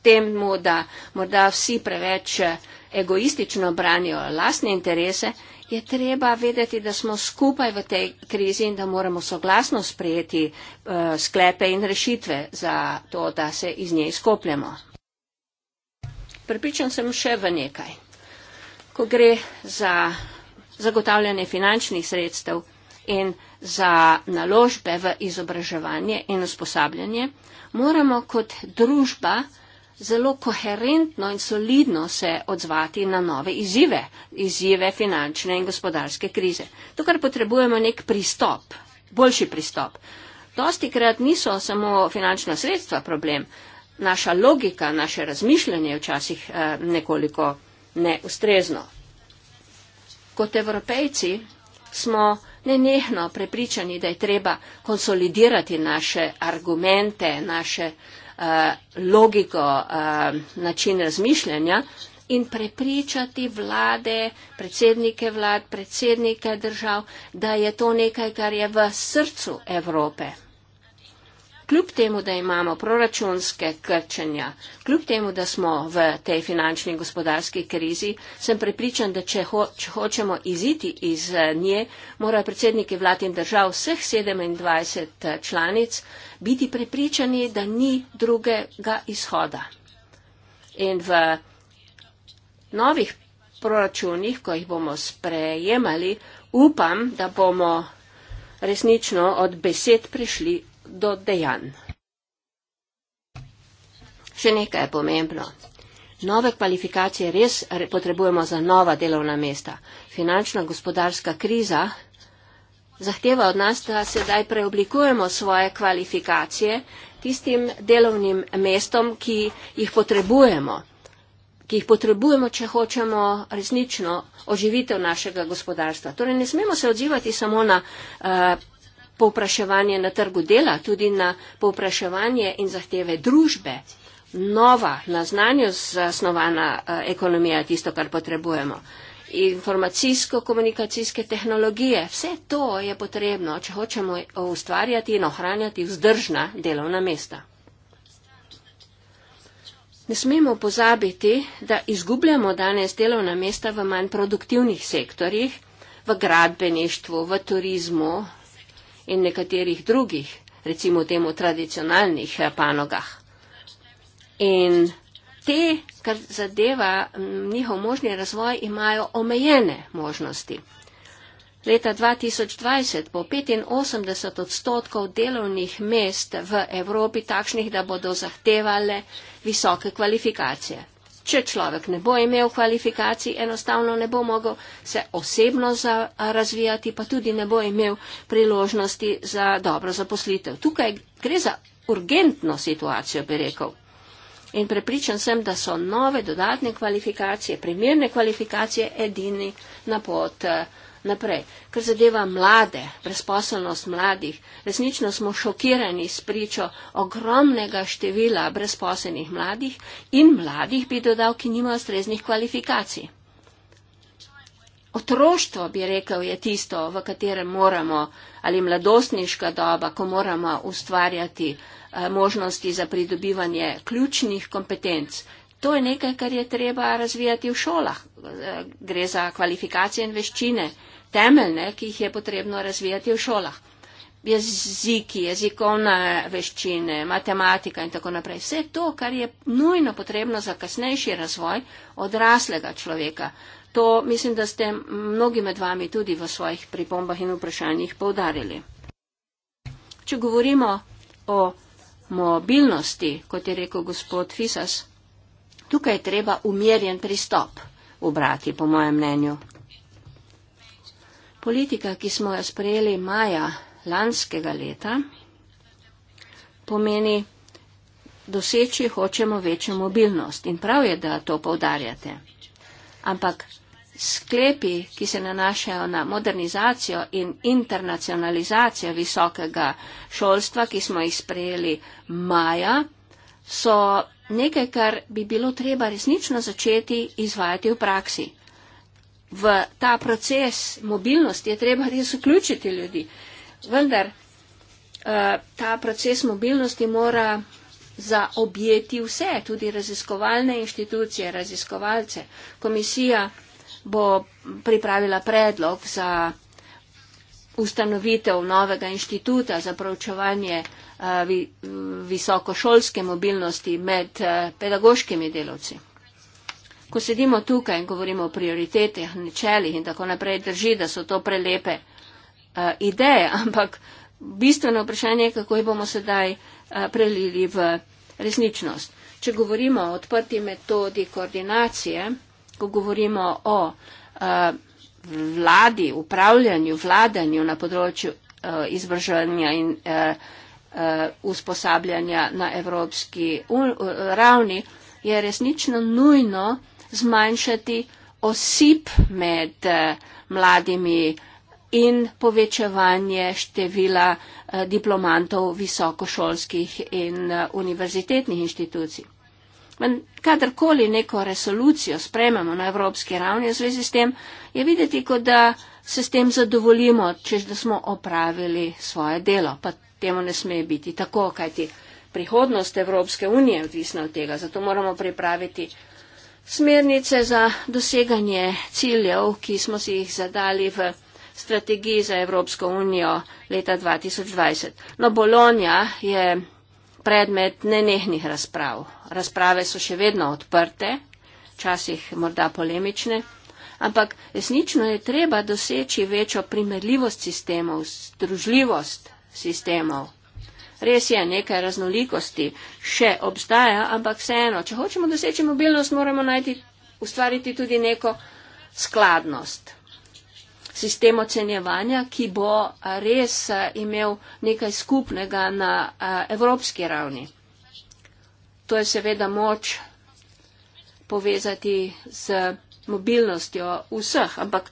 temu, da morda vsi preveč eh, egoistično branijo lastne interese, je treba vedeti, da smo skupaj v tej krizi in da moramo soglasno sprejeti uh, sklepe in rešitve za to, da se iz nje izkopljamo. Pripričan sem še v nekaj. Ko gre za zagotavljanje finančnih sredstev in za naložbe v izobraževanje in usposabljanje, moramo kot družba zelo koherentno in solidno se odzvati na nove izzive, izzive finančne in gospodarske krize. Tukaj potrebujemo nek pristop, boljši pristop. Dosti krat niso samo finančna sredstva problem, naša logika, naše razmišljanje je včasih eh, nekoliko neustrezno. Kot evropejci smo nenehno prepričani, da je treba konsolidirati naše argumente, naše Eh, logiko, eh, način razmišljanja in prepričati vlade, predsednike vlad, predsednike držav, da je to nekaj, kar je v srcu Evrope. Kljub temu, da imamo proračunske krčenja, kljub temu, da smo v tej finančni gospodarski krizi, sem prepričan, da če, ho če hočemo iziti iz eh, nje, morajo predsedniki vlad in držav vseh 27 članic biti prepričani, da ni drugega izhoda. In v novih proračunih, ko jih bomo sprejemali, upam, da bomo resnično od besed prišli do dejanj. Še nekaj je pomembno. Nove kvalifikacije res potrebujemo za nova delovna mesta. Finančna gospodarska kriza zahteva od nas, da sedaj preoblikujemo svoje kvalifikacije tistim delovnim mestom, ki jih potrebujemo, ki jih potrebujemo, če hočemo resnično oživitev našega gospodarstva. Torej ne smemo se odzivati samo na uh, povpraševanje na trgu dela, tudi na povpraševanje in zahteve družbe. Nova, na znanju zasnovana uh, ekonomija je tisto, kar potrebujemo. Uh, informacijsko-komunikacijske tehnologije. Vse to je potrebno, če hočemo ustvarjati in ohranjati vzdržna delovna mesta. Ne smemo pozabiti, da izgubljamo danes delovna mesta v manj produktivnih sektorjih, v gradbeništvu, v turizmu in nekaterih drugih, recimo temu tradicionalnih eh, panogah. In te, kar zadeva njihov možni razvoj, imajo omejene možnosti. Leta 2020 bo 85 odstotkov delovnih mest v Evropi takšnih, da bodo zahtevale visoke kvalifikacije. Če človek ne bo imel kvalifikacij, enostavno ne bo mogel se osebno razvijati, pa tudi ne bo imel priložnosti za dobro zaposlitev. Tukaj gre za urgentno situacijo, bi rekel in prepričan sem, da so nove dodatne kvalifikacije, primerne kvalifikacije edini na pot eh, naprej. Ker zadeva mlade, brezposelnost mladih, resnično smo šokirani s pričo ogromnega števila brezposelnih mladih in mladih bi dodal, ki nimajo streznih kvalifikacij. Otroštvo, bi rekel, je tisto, v katerem moramo, ali mladostniška doba, ko moramo ustvarjati eh, možnosti za pridobivanje ključnih kompetenc. To je nekaj, kar je treba razvijati v šolah. Eh, gre za kvalifikacije in veščine, temeljne, ki jih je potrebno razvijati v šolah jeziki, jezikovna veščine, matematika in tako naprej. Vse to, kar je nujno potrebno za kasnejši razvoj odraslega človeka. To mislim, da ste mnogi med vami tudi v svojih pripombah in vprašanjih povdarili. Če govorimo o mobilnosti, kot je rekel gospod Fisas, tukaj je treba umirjen pristop obrati, po mojem mnenju. Politika, ki smo jo sprejeli maja lanskega leta, pomeni doseči hočemo večjo mobilnost. In prav je, da to povdarjate. Ampak sklepi, ki se nanašajo na modernizacijo in internacionalizacijo visokega šolstva, ki smo jih sprejeli maja, so nekaj, kar bi bilo treba resnično začeti izvajati v praksi. V ta proces mobilnosti je treba res vključiti ljudi. Vendar eh, ta proces mobilnosti mora zaobjeti vse, tudi raziskovalne inštitucije, raziskovalce. Komisija bo pripravila predlog za ustanovitev novega inštituta za pravčevanje eh, visokošolske mobilnosti med eh, pedagoškimi delovci. Ko sedimo tukaj in govorimo o prioritetih, načelih in tako naprej, drži, da so to prelepe uh, ideje, ampak bistveno vprašanje je, kako jih bomo sedaj uh, prelili v resničnost. Če govorimo o odprti metodi koordinacije, ko govorimo o uh, vladi, upravljanju, vladanju na področju uh, izvrževanja in uh, uh, usposabljanja na evropski ravni, je resnično nujno zmanjšati osip med uh, mladimi uh, in povečevanje števila eh, diplomantov visokošolskih in eh, univerzitetnih inštitucij. Kadarkoli neko resolucijo sprememo na evropski ravni v zvezi s tem, je videti, kot da se s tem zadovoljimo, čež da smo opravili svoje delo. Pa temu ne sme biti tako, kajti prihodnost Evropske unije je odvisna od tega. Zato moramo pripraviti smernice za doseganje ciljev, ki smo si jih zadali v strategiji za Evropsko unijo leta 2020. No, Bolonja je predmet nenehnih razprav. Razprave so še vedno odprte, včasih morda polemične, ampak resnično je treba doseči večjo primerljivost sistemov, združljivost sistemov. Res je, nekaj raznolikosti še obstaja, ampak vseeno, če hočemo doseči mobilnost, moramo najti, ustvariti tudi neko skladnost sistem ocenjevanja, ki bo res eh, imel nekaj skupnega na eh, evropski ravni. To je seveda moč povezati z mobilnostjo vseh, ampak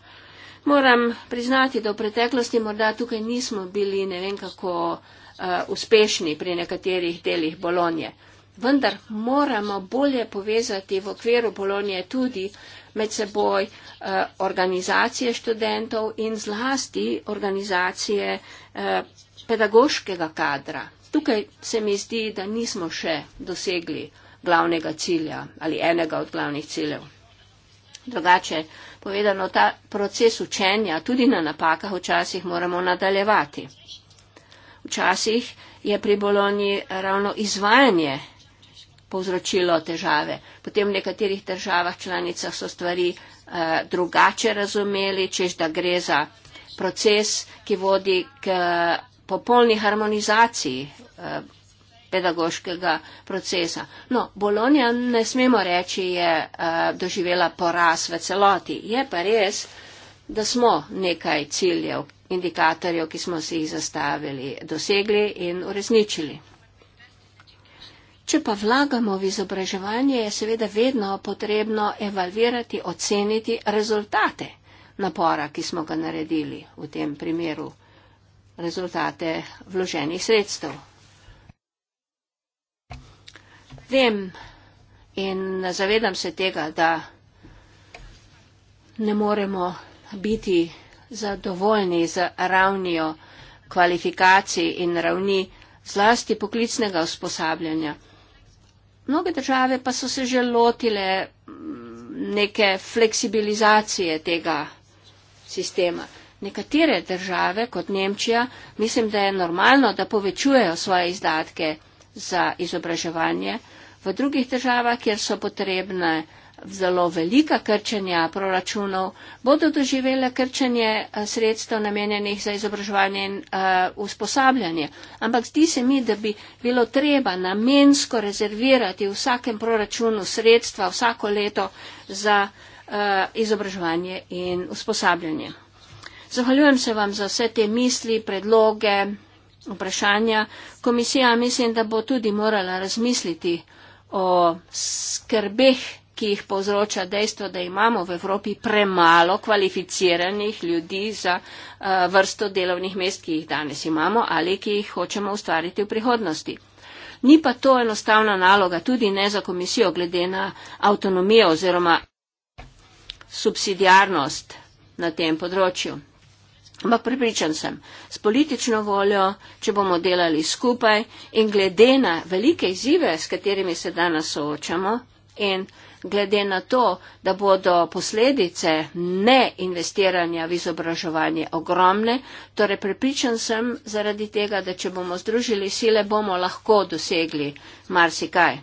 moram priznati, da v preteklosti morda tukaj nismo bili ne vem kako eh, uspešni pri nekaterih delih Bolonje. Vendar moramo bolje povezati v okviru Bolonje tudi uh, med seboj eh, organizacije študentov in zlasti organizacije eh, pedagoškega kadra. Tukaj se mi zdi, da nismo še dosegli glavnega cilja ali enega od glavnih ciljev. Drugače povedano, ta proces učenja tudi na napakah včasih moramo nadaljevati. Včasih je pri bolonji ravno izvajanje povzročilo težave. Potem v nekaterih državah članicah so stvari eh, drugače razumeli, čež da gre za proces, ki vodi k popolni harmonizaciji eh, pedagoškega procesa. No, Bolonija, ne smemo reči, je eh, doživela poraz v celoti. Je pa res, da smo nekaj ciljev, indikatorjev, ki smo si jih zastavili, dosegli in uresničili. Če pa vlagamo v izobraževanje, je seveda vedno potrebno evalvirati, oceniti rezultate napora, ki smo ga naredili v tem primeru, rezultate vloženih sredstev. Vem in zavedam se tega, da ne moremo biti zadovoljni z ravnijo kvalifikacij in ravni zlasti poklicnega usposabljanja. Mnoge države pa so se že lotile mm, neke fleksibilizacije tega sistema. Nekatere države, kot Nemčija, mislim, da je normalno, da povečujejo svoje izdatke za izobraževanje. V drugih državah, kjer so potrebne zelo velika krčenja proračunov, bodo doživele krčenje eh, sredstev namenjenih za izobraževanje in uh, usposabljanje. Ampak zdi se mi, da bi bilo treba namensko rezervirati v vsakem proračunu sredstva vsako leto za uh, izobraževanje in usposabljanje. Zahvaljujem se vam za vse te misli, predloge, vprašanja. Komisija mislim, da bo tudi morala razmisliti o skrbeh ki jih povzroča dejstvo, da imamo v Evropi premalo kvalificiranih ljudi za eh, vrsto delovnih mest, ki jih danes imamo ali ki jih hočemo ustvariti v prihodnosti. Ni pa to enostavna naloga, tudi ne za komisijo, glede na avtonomijo oziroma subsidijarnost na tem področju. Ampak pripričan sem, s politično voljo, če bomo delali skupaj in glede na velike izzive, s katerimi se danes soočamo in glede na to, da bodo posledice neinvestiranja v izobraževanje ogromne. Torej, prepričan sem zaradi tega, da če bomo združili sile, bomo lahko dosegli marsikaj.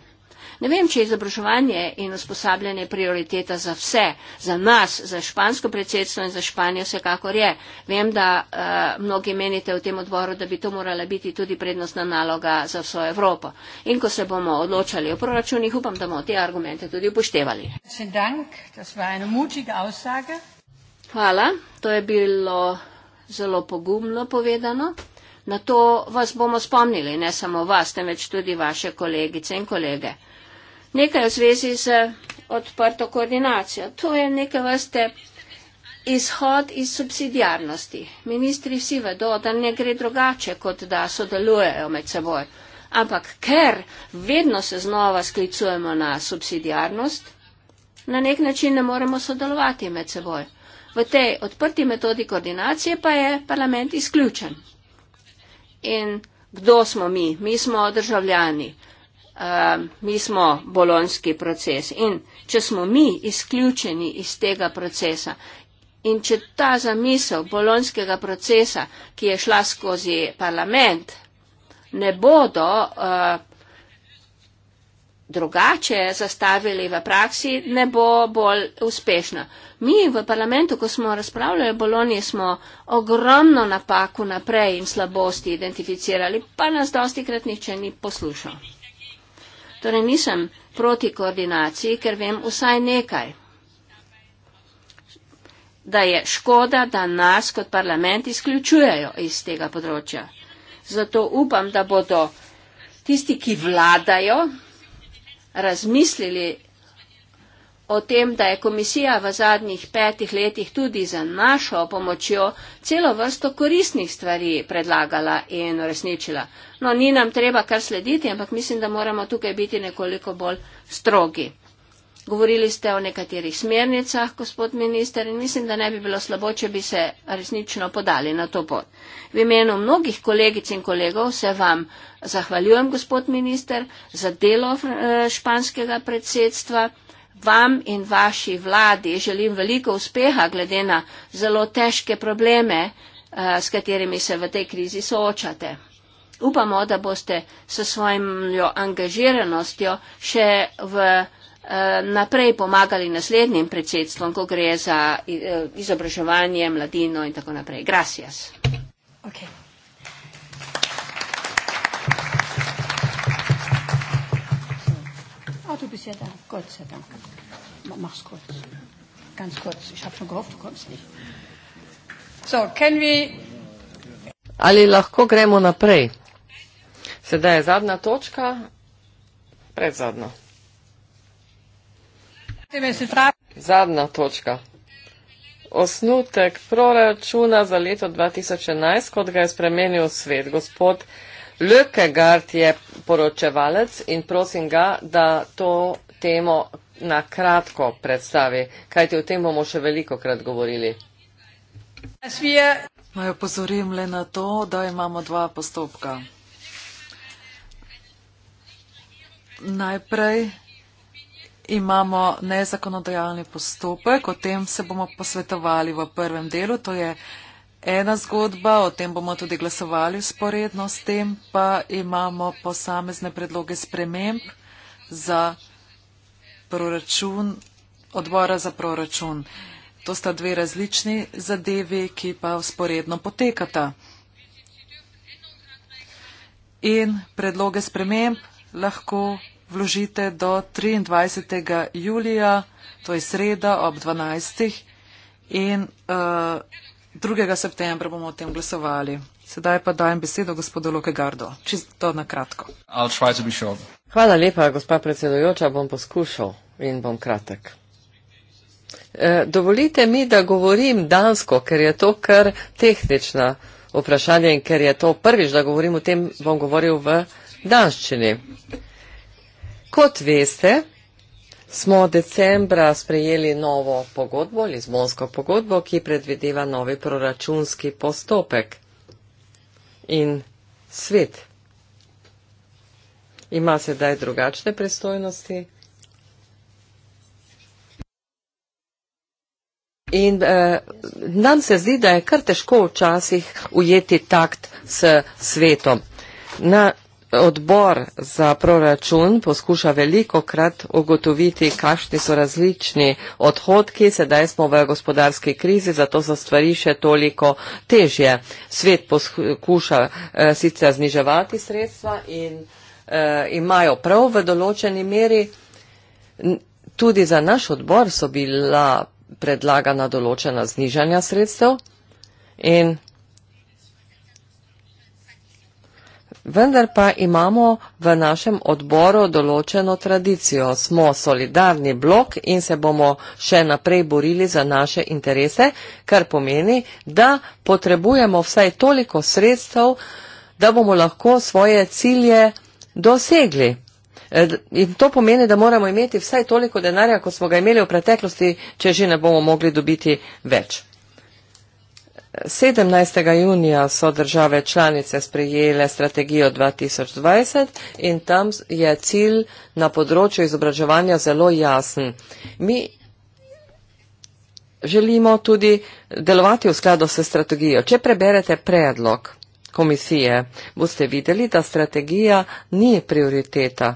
Ne vem, če je izobraževanje in usposabljanje prioriteta za vse, za nas, za špansko predsedstvo in za Španijo vsekakor je. Vem, da uh, mnogi menite v tem odboru, da bi to morala biti tudi prednostna naloga za vso Evropo. In ko se bomo odločali o proračunih, upam, da bomo te argumente tudi upoštevali. Hvala, to je bilo zelo pogumno povedano. Na to vas bomo spomnili, ne samo vas, temveč tudi vaše kolegice in kolege nekaj v zvezi z eh, odprto koordinacijo. To je neke vrste izhod iz subsidijarnosti. Ministri vsi vedo, da ne gre drugače, kot da sodelujejo med seboj. Ampak ker vedno se znova sklicujemo na subsidijarnost, na nek način ne moremo sodelovati med seboj. V tej odprti metodi koordinacije pa je parlament izključen. In kdo smo mi? Mi smo državljani uh, mi smo bolonski proces in če smo mi izključeni iz tega procesa in če ta zamisel bolonskega procesa, ki je šla skozi parlament, ne bodo uh, drugače zastavili v praksi, ne bo bolj uspešna. Mi v parlamentu, ko smo razpravljali o Boloniji, smo ogromno napako naprej in slabosti identificirali, pa nas dosti krat nihče ni poslušal. Torej nisem proti koordinaciji, ker vem vsaj nekaj. Da je škoda, da nas kot parlament izključujejo iz tega področja. Zato upam, da bodo tisti, ki vladajo, razmislili o tem, da je komisija v zadnjih petih letih tudi za našo pomočjo celo vrsto koristnih stvari predlagala in uresničila. No, ni nam treba kar slediti, ampak mislim, da moramo tukaj biti nekoliko bolj strogi. Govorili ste o nekaterih smernicah, gospod minister, in mislim, da ne bi bilo slabo, če bi se resnično podali na to pot. V imenu mnogih kolegic in kolegov se vam zahvaljujem, gospod minister, za delo eh, španskega predsedstva. Vam in vaši vladi želim veliko uspeha glede na zelo težke probleme, eh, s katerimi se v tej krizi soočate. Upamo, da boste s svojo angažiranostjo še v, eh, naprej pomagali naslednjim predsedstvom, ko gre za eh, izobraževanje, mladino in tako naprej. Gracias. Okay. Ah, du bist ja da. Gott sei Dank. Mach's kurz. Ganz kurz. Ich habe schon gehofft, du kommst nicht. So, can we... Ali lahko gremo naprej? Sedaj je zadnja točka, predzadnja. Zadnja točka. Osnutek proračuna za leto 2011, kot ga je spremenil svet. Gospod Lökegard je poročevalec in prosim ga, da to temo na kratko predstavi, kajti o tem bomo še veliko krat govorili. Naj opozorim le na to, da imamo dva postopka. Najprej imamo nezakonodajalni postopek, o tem se bomo posvetovali v prvem delu, to je ena zgodba, o tem bomo tudi glasovali usporedno, s tem pa imamo posamezne predloge sprememb za proračun, odbora za proračun. To sta dve različni zadevi, ki pa usporedno potekata. In predloge sprememb lahko vložite do 23. julija, to je sreda ob 12. in uh, 2. septembra bomo o tem glasovali. Sedaj pa dajem besedo gospodu Loke Gardo. Čisto na kratko. Hvala lepa, gospa predsedojoča. Bom poskušal in bom kratek. E, dovolite mi, da govorim dansko, ker je to kar tehnična vprašanja in ker je to prvič, da govorim o tem, bom govoril v danščini. Kot veste, smo decembra sprejeli novo pogodbo, Lizbonsko pogodbo, ki predvideva novi proračunski postopek. In svet ima sedaj drugačne pristojnosti. In eh, nam se zdi, da je kar težko včasih ujeti takt s svetom. Na, odbor za proračun poskuša veliko krat ugotoviti, kakšni so različni odhodki, sedaj smo v gospodarski krizi, zato so stvari še toliko težje. Svet poskuša eh, sicer zniževati sredstva in eh, imajo prav v določeni meri. Tudi za naš odbor so bila predlagana določena znižanja sredstev in vendar pa imamo v našem odboru določeno tradicijo. Smo solidarni blok in se bomo še naprej borili za naše interese, kar pomeni, da potrebujemo vsaj toliko sredstev, da bomo lahko svoje cilje dosegli. E, in to pomeni, da moramo imeti vsaj toliko denarja, kot smo ga imeli v preteklosti, če že ne bomo mogli dobiti več. 17. junija so države članice sprejele strategijo 2020 in tam je cilj na področju izobraževanja zelo jasen. Mi želimo tudi delovati v skladu s strategijo. Če preberete predlog komisije, boste videli, da strategija ni prioriteta.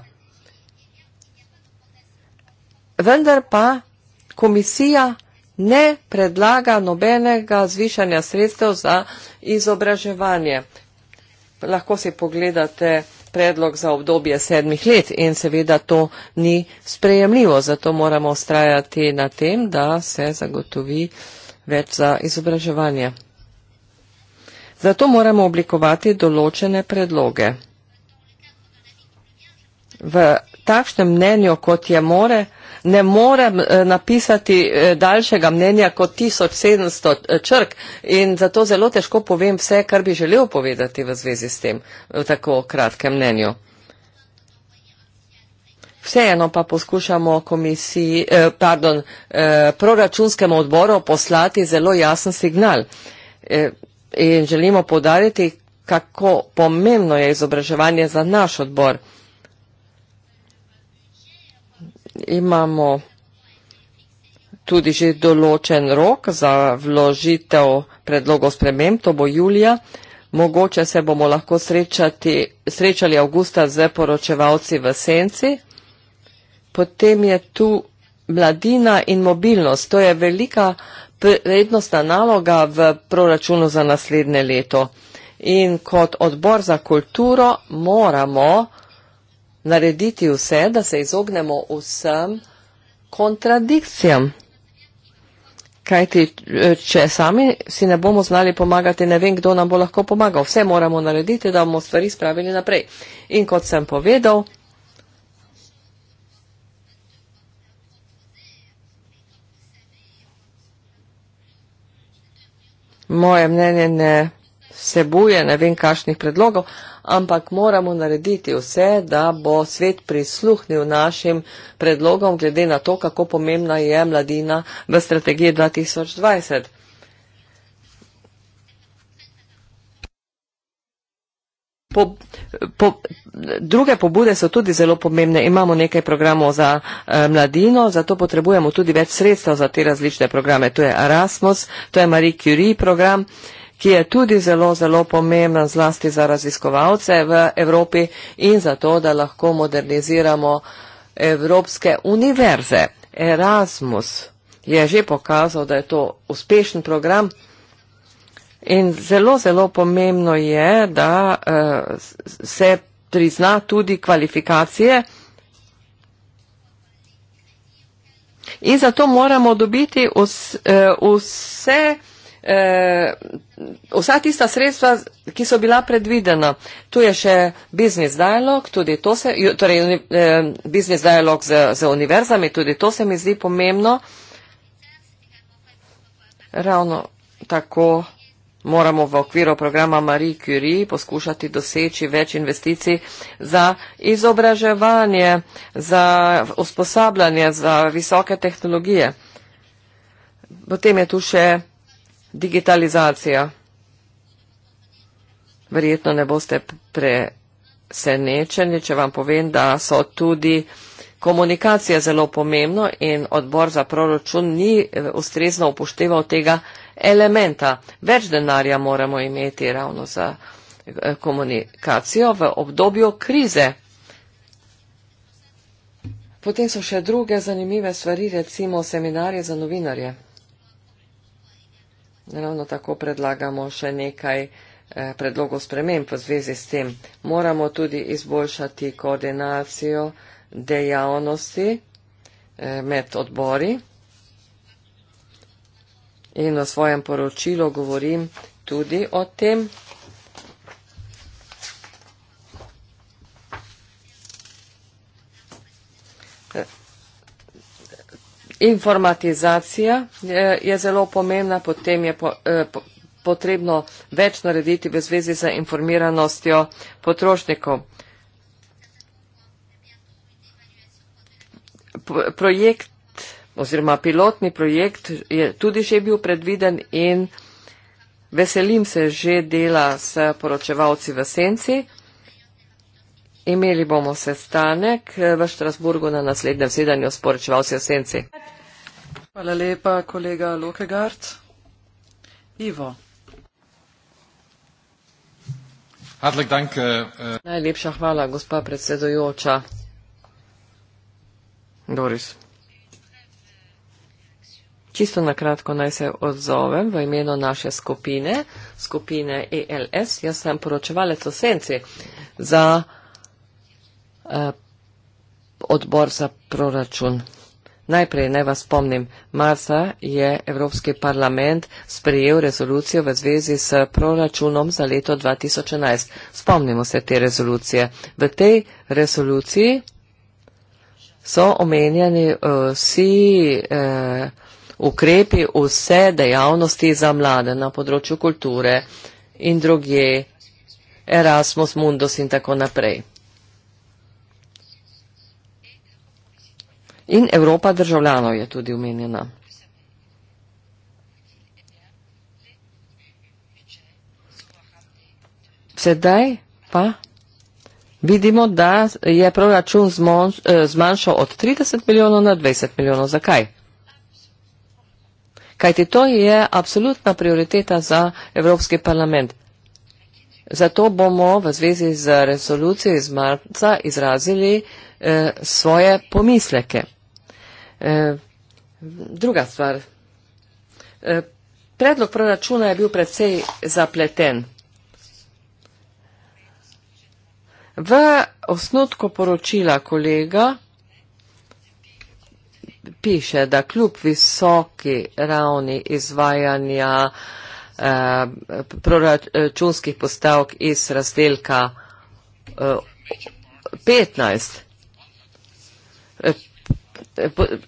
Vendar pa komisija ne predlaga nobenega zvišanja sredstev za izobraževanje. Lahko si pogledate predlog za obdobje sedmih let in seveda to ni sprejemljivo, zato moramo ustrajati na tem, da se zagotovi več za izobraževanje. Zato moramo oblikovati določene predloge. V takšne mnenjo, kot je more, ne morem eh, napisati eh, daljšega mnenja kot 1700 eh, črk in zato zelo težko povem vse, kar bi želel povedati v zvezi s tem v tako kratkem mnenju. Vseeno pa poskušamo komisiji, pardon, proračunskemu odboru poslati zelo jasen signal in želimo podariti, kako pomembno je izobraževanje za naš odbor imamo tudi že določen rok za vložitev predlogov sprememb, to bo julija. Mogoče se bomo lahko srečati, srečali avgusta z poročevalci v senci. Potem je tu mladina in mobilnost. To je velika prednostna naloga v proračunu za naslednje leto. In kot odbor za kulturo moramo narediti vse, da se izognemo vsem kontradikcijam. Kajti, eh, če sami si ne bomo znali pomagati, ne vem, kdo nam bo lahko pomagal. Vse moramo narediti, da bomo stvari spravili naprej. In kot sem povedal, moje mnenje ne sebuje, ne vem, kakšnih predlogov, ampak moramo narediti vse, da bo svet prisluhnil našim predlogom glede na to, kako pomembna je mladina v strategiji 2020. Po, po, druge pobude so tudi zelo pomembne. Imamo nekaj programov za e, mladino, zato potrebujemo tudi več sredstev za te različne programe. To je Erasmus, to je Marie Curie program. E, ki je tudi zelo, zelo pomembna zlasti za raziskovalce v Evropi in za to, da lahko moderniziramo Evropske univerze. Erasmus je že pokazal, da je to uspešen program in zelo, zelo pomembno je, da uh, se prizna tudi kvalifikacije. In zato moramo dobiti eh, vse, vse eh, vsa tista sredstva, ki so bila predvidena. Tu je še biznis dialog, tudi to se, torej eh, biznis dialog z, z univerzami, tudi to se mi zdi pomembno. Ravno tako moramo v okviru programa Marie Curie poskušati doseči več investicij za izobraževanje, za usposabljanje, za visoke tehnologije. Potem je tu še Digitalizacija. Verjetno ne boste presenečeni, če vam povem, da so tudi komunikacije zelo pomembno in odbor za proračun ni eh, ustrezno upošteval tega elementa. Več denarja moramo imeti ravno za eh, komunikacijo v obdobju krize. Potem so še druge zanimive stvari, recimo seminarje za novinarje. Ravno tako predlagamo še nekaj eh, predlogov sprememb v zvezi s tem. Moramo tudi izboljšati koordinacijo dejavnosti eh, med odbori in v svojem poročilu govorim tudi o tem. Informatizacija eh, je zelo pomembna, potem je eh, potrebno več narediti v zvezi z informiranostjo potrošnikov. Projekt oziroma pilotni projekt je tudi že bil predviden in veselim se že dela s poročevalci v Senci. Imeli bomo sestanek eh, v Štrasburgu na naslednjem sedanju s poročevalci v Senci. Hvala lepa, kolega Lokegard. Ivo. Hadlik, dank, eh, eh. Najlepša hvala, gospa predsedujoča. Doris. Čisto na kratko naj se odzovem v imenu naše skupine, skupine ELS. Jaz sem poročevalec v Senci za Eh, odbor za proračun. Najprej naj vas spomnim, marca je Evropski parlament sprejel rezolucijo v zvezi s proračunom za leto 2011. Spomnimo se te rezolucije. V tej rezoluciji so omenjeni eh, vsi eh, ukrepi, vse dejavnosti za mlade na področju kulture in drugje, Erasmus, Mundus in tako naprej. In Evropa državljanov je tudi omenjena. Sedaj pa vidimo, da je proračun eh, zmanjšal od 30 milijonov na 20 milijonov. Zakaj? Kajti to je absolutna prioriteta za Evropski parlament. Zato bomo v zvezi z resolucijo iz marca izrazili Eh, svoje pomisleke. Eh, druga stvar. Eh, predlog proračuna je bil predvsej zapleten. V osnotku poročila kolega piše, da kljub visoki ravni izvajanja proračunskih postavk iz razdelka 15 Eh,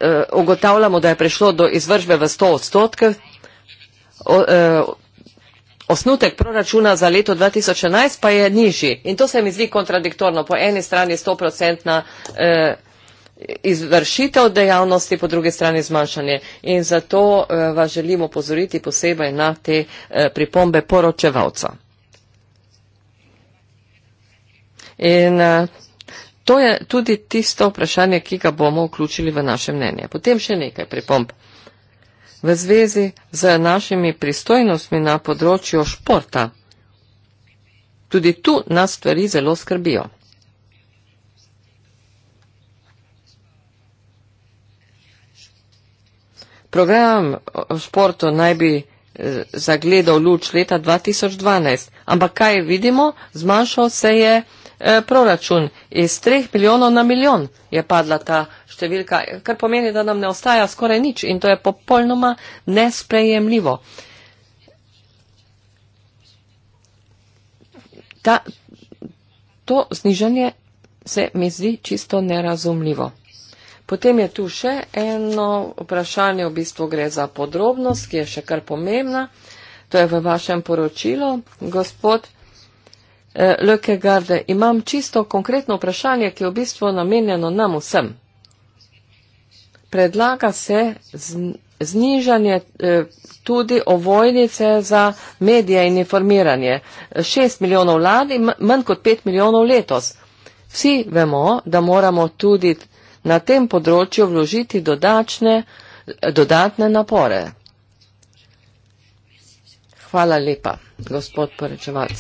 eh, ugotavljamo, da je prišlo do izvržbe v 100 odstotkih. Eh, osnutek proračuna za leto 2011 pa je nižji in to se mi zdi kontradiktorno. Po eni strani 100% na izvršitev dejavnosti, po drugi strani zmanjšanje. In zato vas želim upozoriti posebej na te pripombe poročevalca. In To je tudi tisto vprašanje, ki ga bomo vključili v naše mnenje. Potem še nekaj pripomp. V zvezi z našimi pristojnostmi na področju športa, tudi tu nas stvari zelo skrbijo. Program o športu naj bi eh, zagledal luč leta 2012, ampak kaj vidimo, zmanjšal se je. Eh, proračun iz 3 milijonov na milijon je padla ta številka, kar pomeni, da nam ne ostaja skoraj nič in to je popolnoma nesprejemljivo. Ta, to znižanje se mi zdi čisto nerazumljivo. Potem je tu še eno vprašanje, v bistvu gre za podrobnost, ki je še kar pomembna. To je v vašem poročilu. Gospod Eh, Leke Garde, imam čisto konkretno vprašanje, ki je v bistvu namenjeno nam vsem. Predlaga se znižanje eh, tudi ovojnice za medije in informiranje. 6 milijonov lani, manj kot 5 milijonov letos. Vsi vemo, da moramo tudi na tem področju vložiti dodačne, eh, dodatne napore. Hvala lepa gospod Porečevac.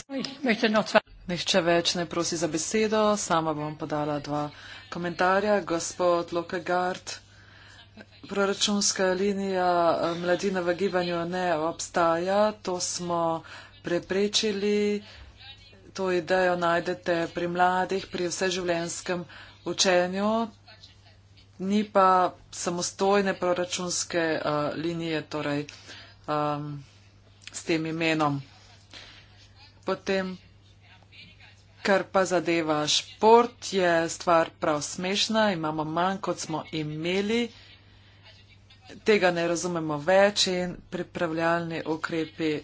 No, nihče več ne prosi za besedo, sama bom podala dva komentarja. Gospod Lokegard, proračunska linija eh, mladina v gibanju ne obstaja, to smo preprečili, to idejo najdete pri mladih, pri vseživljenjskem učenju. Ni pa samostojne proračunske uh, linije torej, um, s tem imenom potem. Kar pa zadeva šport, je stvar prav smešna, imamo manj, kot smo imeli, tega ne razumemo več in pripravljalni ukrepi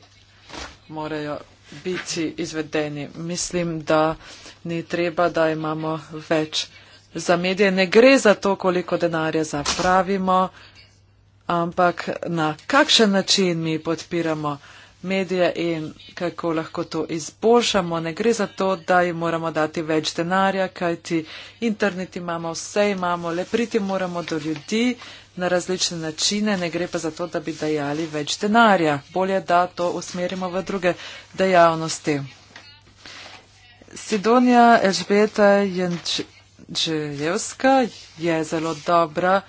morajo biti izvedeni. Mislim, da ni treba, da imamo več za medije. Ne gre za to, koliko denarja zapravimo, ampak na kakšen način mi podpiramo medije in kako lahko to izboljšamo. Ne gre za to, da jim moramo dati več denarja, kajti internet imamo, vse imamo, le priti moramo do ljudi na različne načine, ne gre pa za to, da bi dajali več denarja. Bolje, da to usmerimo v druge dejavnosti. Sidonija Elžbeta Jendžejevska je zelo dobra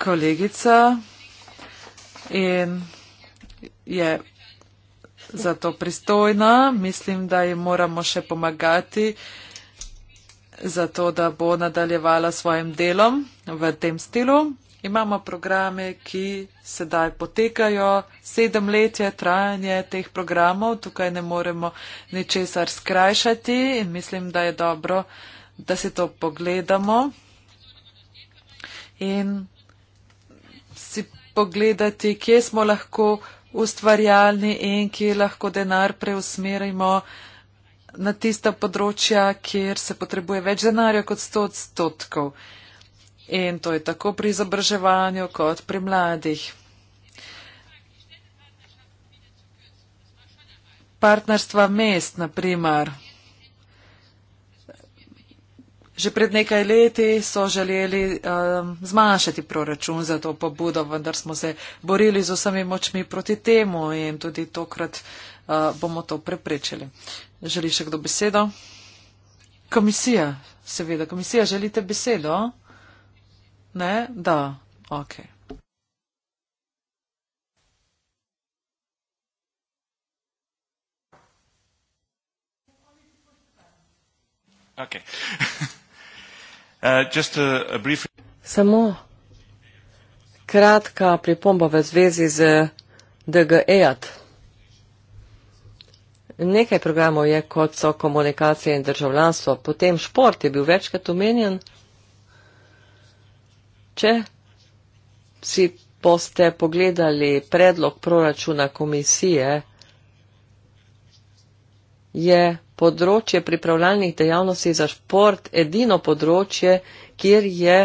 kolegica in je za to pristojna. Mislim, da ji moramo še pomagati za to, da bo nadaljevala svojim delom v tem stilu. Imamo programe, ki sedaj potekajo, sedem let je trajanje teh programov, tukaj ne moremo ničesar skrajšati in mislim, da je dobro, da si to pogledamo in si pogledati, kje smo lahko ustvarjalni in ki lahko denar preusmerimo na tista področja, kjer se potrebuje več denarja kot 100 odstotkov. In to je tako pri izobraževanju kot pri mladih. Partnerstva mest, na primer. Že pred nekaj leti so želeli um, zmanjšati proračun za to pobudo, vendar smo se borili z vsemi močmi proti temu in tudi tokrat uh, bomo to preprečili. Želi še kdo besedo? Komisija, seveda. Komisija, želite besedo? Ne? Da, ok. Okay. Uh, Samo kratka pripomba v zvezi z DGEAT. Nekaj programov je, kot so komunikacije in državljanstvo, potem šport je bil večkrat omenjen. Če si boste pogledali predlog proračuna komisije, je področje pripravljalnih dejavnosti za šport edino področje, kjer je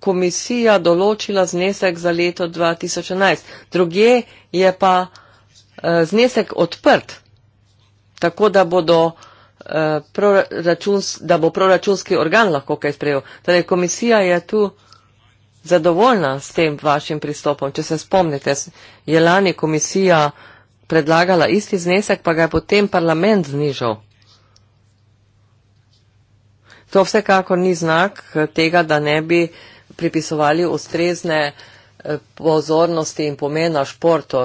komisija določila znesek za leto 2011. Druge je pa eh, znesek odprt, tako da, bodo, eh, da bo proračunski organ lahko kaj sprejel. Torej, komisija je tu zadovoljna s tem vašim pristopom. Če se spomnite, je lani komisija predlagala isti znesek, pa ga je potem parlament znižal. To vsekakor ni znak eh, tega, da ne bi pripisovali ustrezne eh, pozornosti in pomena športu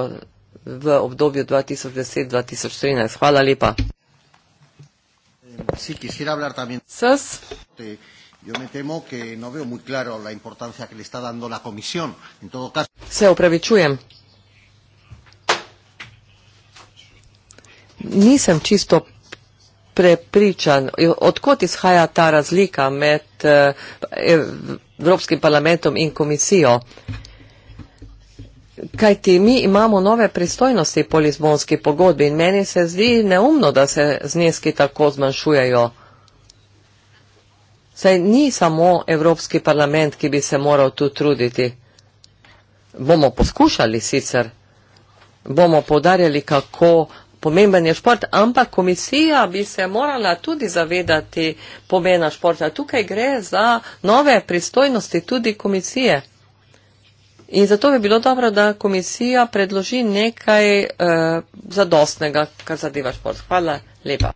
v obdobju 2010-2013. Hvala lepa. Sí, quisiera hablar también. ¿Sos? Yo me temo que no veo muy claro la importancia que le está dando la comisión. En todo caso. Se opravičujem. nisem čisto prepričan, odkot izhaja ta razlika med eh, Evropskim parlamentom in komisijo. Kaj ti mi imamo nove pristojnosti po Lizbonski pogodbi in meni se zdi neumno, da se zneski tako zmanjšujejo. Saj ni samo Evropski parlament, ki bi se moral tu truditi. Bomo poskušali sicer, bomo podarjali, kako pomemben je šport, ampak komisija bi se morala tudi zavedati pomena športa. Tukaj gre za nove pristojnosti tudi komisije. In zato bi bilo dobro, da komisija predloži nekaj eh, zadostnega, kar zadeva šport. Hvala lepa.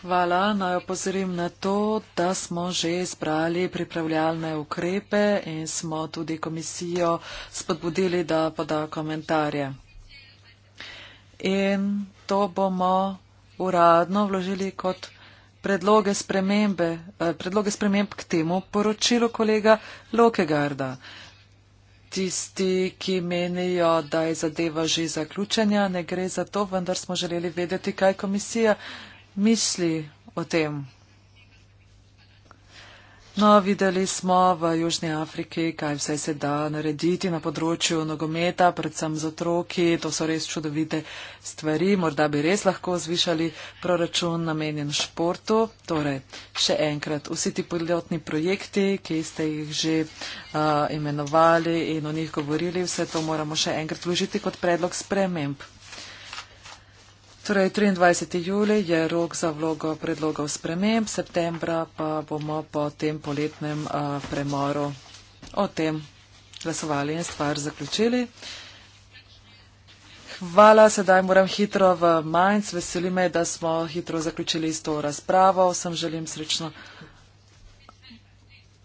Hvala, naj opozorim na to, da smo že izbrali pripravljalne ukrepe in smo tudi komisijo spodbudili, da poda komentarje in to bomo uradno vložili kot predloge, eh, predloge sprememb k temu poročilu kolega Lokegarda. Tisti, ki menijo, da je zadeva že zaključena, ne gre za to, vendar smo želeli vedeti, kaj komisija misli o tem. No, videli smo v Južni Afriki, kaj vse se da narediti na področju nogometa, predvsem z otroki. To so res čudovite stvari. Morda bi res lahko zvišali proračun namenjen športu. Torej, še enkrat, vsi ti podljotni projekti, ki ste jih že uh, imenovali in o njih govorili, vse to moramo še enkrat vložiti kot predlog sprememb. Torej, 23. julij je rok za vlogo predlogov sprememb, septembra pa bomo po tem poletnem a, eh, premoru o tem glasovali in stvar zaključili. Hvala, sedaj moram hitro v Mainz. Veseli me, da smo hitro zaključili s to razpravo. Vsem želim srečno.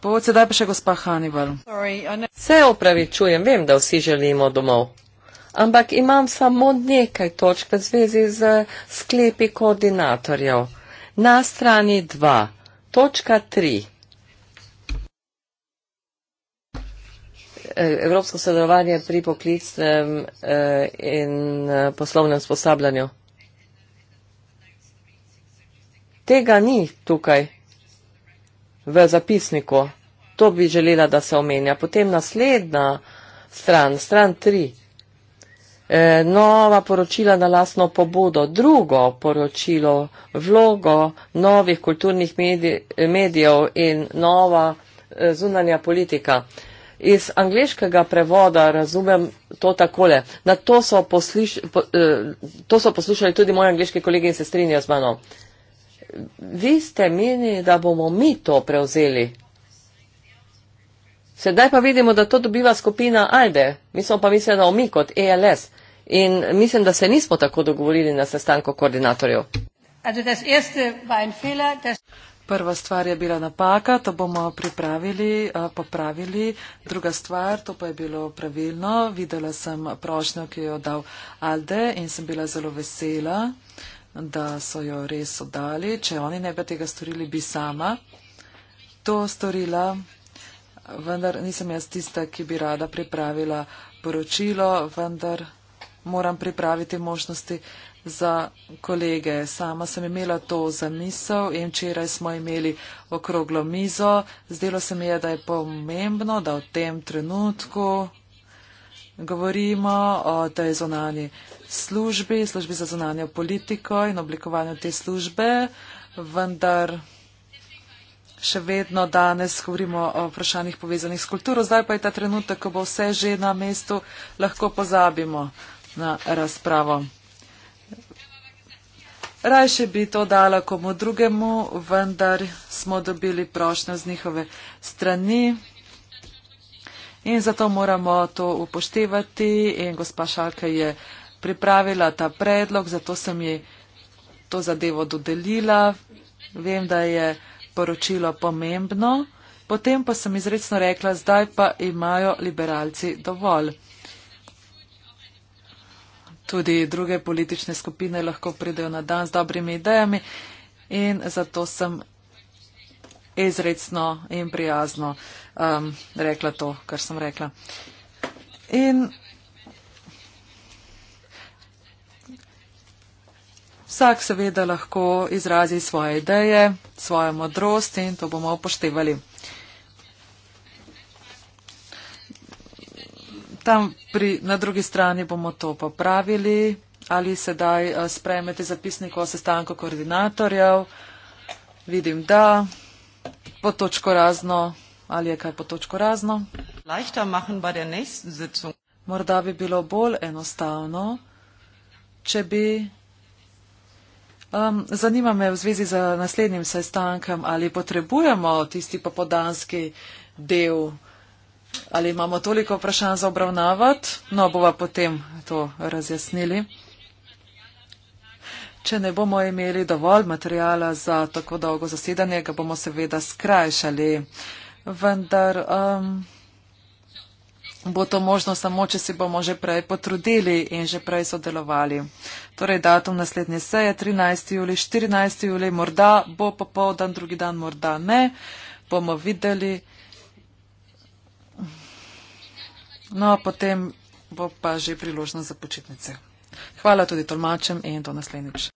Povod sedaj pa še gospa Hannibal. Sorry, Se opravičujem, vem, da vsi želimo domov ampak imam samo nekaj točk v zvezi z sklepi koordinatorjev. Na strani 2, točka 3. E, evropsko sodelovanje pri poklicnem e, in e, poslovnem sposabljanju. Tega ni tukaj v zapisniku. To bi želela, da se omenja. Potem naslednja stran, stran 3. Eh, nova poročila na lastno pobudo, drugo poročilo, vlogo novih kulturnih medijev in nova eh, zunanja politika. Iz angliškega prevoda razumem to takole. Na to so, posliš, po, eh, to so poslušali tudi moji angliški kolegi in se strinjajo z mano. Vi ste menili, da bomo mi to prevzeli. Sedaj pa vidimo, da to dobiva skupina ALDE. Mi smo pa mislili, da bomo mi kot ELS in mislim, da se nismo tako dogovorili na sestanku koordinatorjev. Prva stvar je bila napaka, to bomo pripravili, eh, popravili. Druga stvar, to pa je bilo pravilno. Videla sem prošnjo, ki jo je dal Alde in sem bila zelo vesela, da so jo res oddali. Če oni ne bi tega storili, bi sama to storila. Vendar nisem jaz tista, ki bi rada pripravila poročilo, vendar moram pripraviti možnosti za kolege. Sama sem imela to za misel in včeraj smo imeli okroglo mizo. Zdelo se mi je, da je pomembno, da v tem trenutku govorimo o tej zonani službi, službi za zonanjo politiko in oblikovanju te službe, vendar še vedno danes govorimo o vprašanjih povezanih s kulturo. Zdaj pa je ta trenutek, ko bo vse že na mestu, lahko pozabimo na razpravo. Rajše bi to dala komu drugemu, vendar smo dobili prošnjo z njihove strani in zato moramo to upoštevati in gospa Šalke je pripravila ta predlog, zato sem ji to zadevo dodelila. Vem, da je poročilo pomembno. Potem pa sem izredno rekla, zdaj pa imajo liberalci dovolj tudi druge politične skupine lahko pridejo na dan z dobrimi idejami in zato sem izredno in prijazno um, rekla to, kar sem rekla. In vsak seveda lahko izrazi svoje ideje, svojo modrost in to bomo upoštevali. tam pri, na drugi strani bomo to popravili ali sedaj eh, spremete zapisnik o sestanku koordinatorjev. Vidim, da po točko razno. Ali je kaj po točko razno? Morda bi bilo bolj enostavno, če bi. Um, zanima me v zvezi z naslednjim sestankem, ali potrebujemo tisti popodanski del ali imamo toliko vprašanj za obravnavati, no bova potem to razjasnili. Če ne bomo imeli dovolj materijala za tako dolgo zasedanje, ga bomo seveda skrajšali. Vendar um, bo to možno samo, če si bomo že prej potrudili in že prej sodelovali. Torej, datum naslednje seje 13. juli, 14. juli, morda bo popoldan, drugi dan morda ne, bomo videli. No, potem bo pa že priložnost za počitnice. Hvala tudi tolmačem in do naslednjič.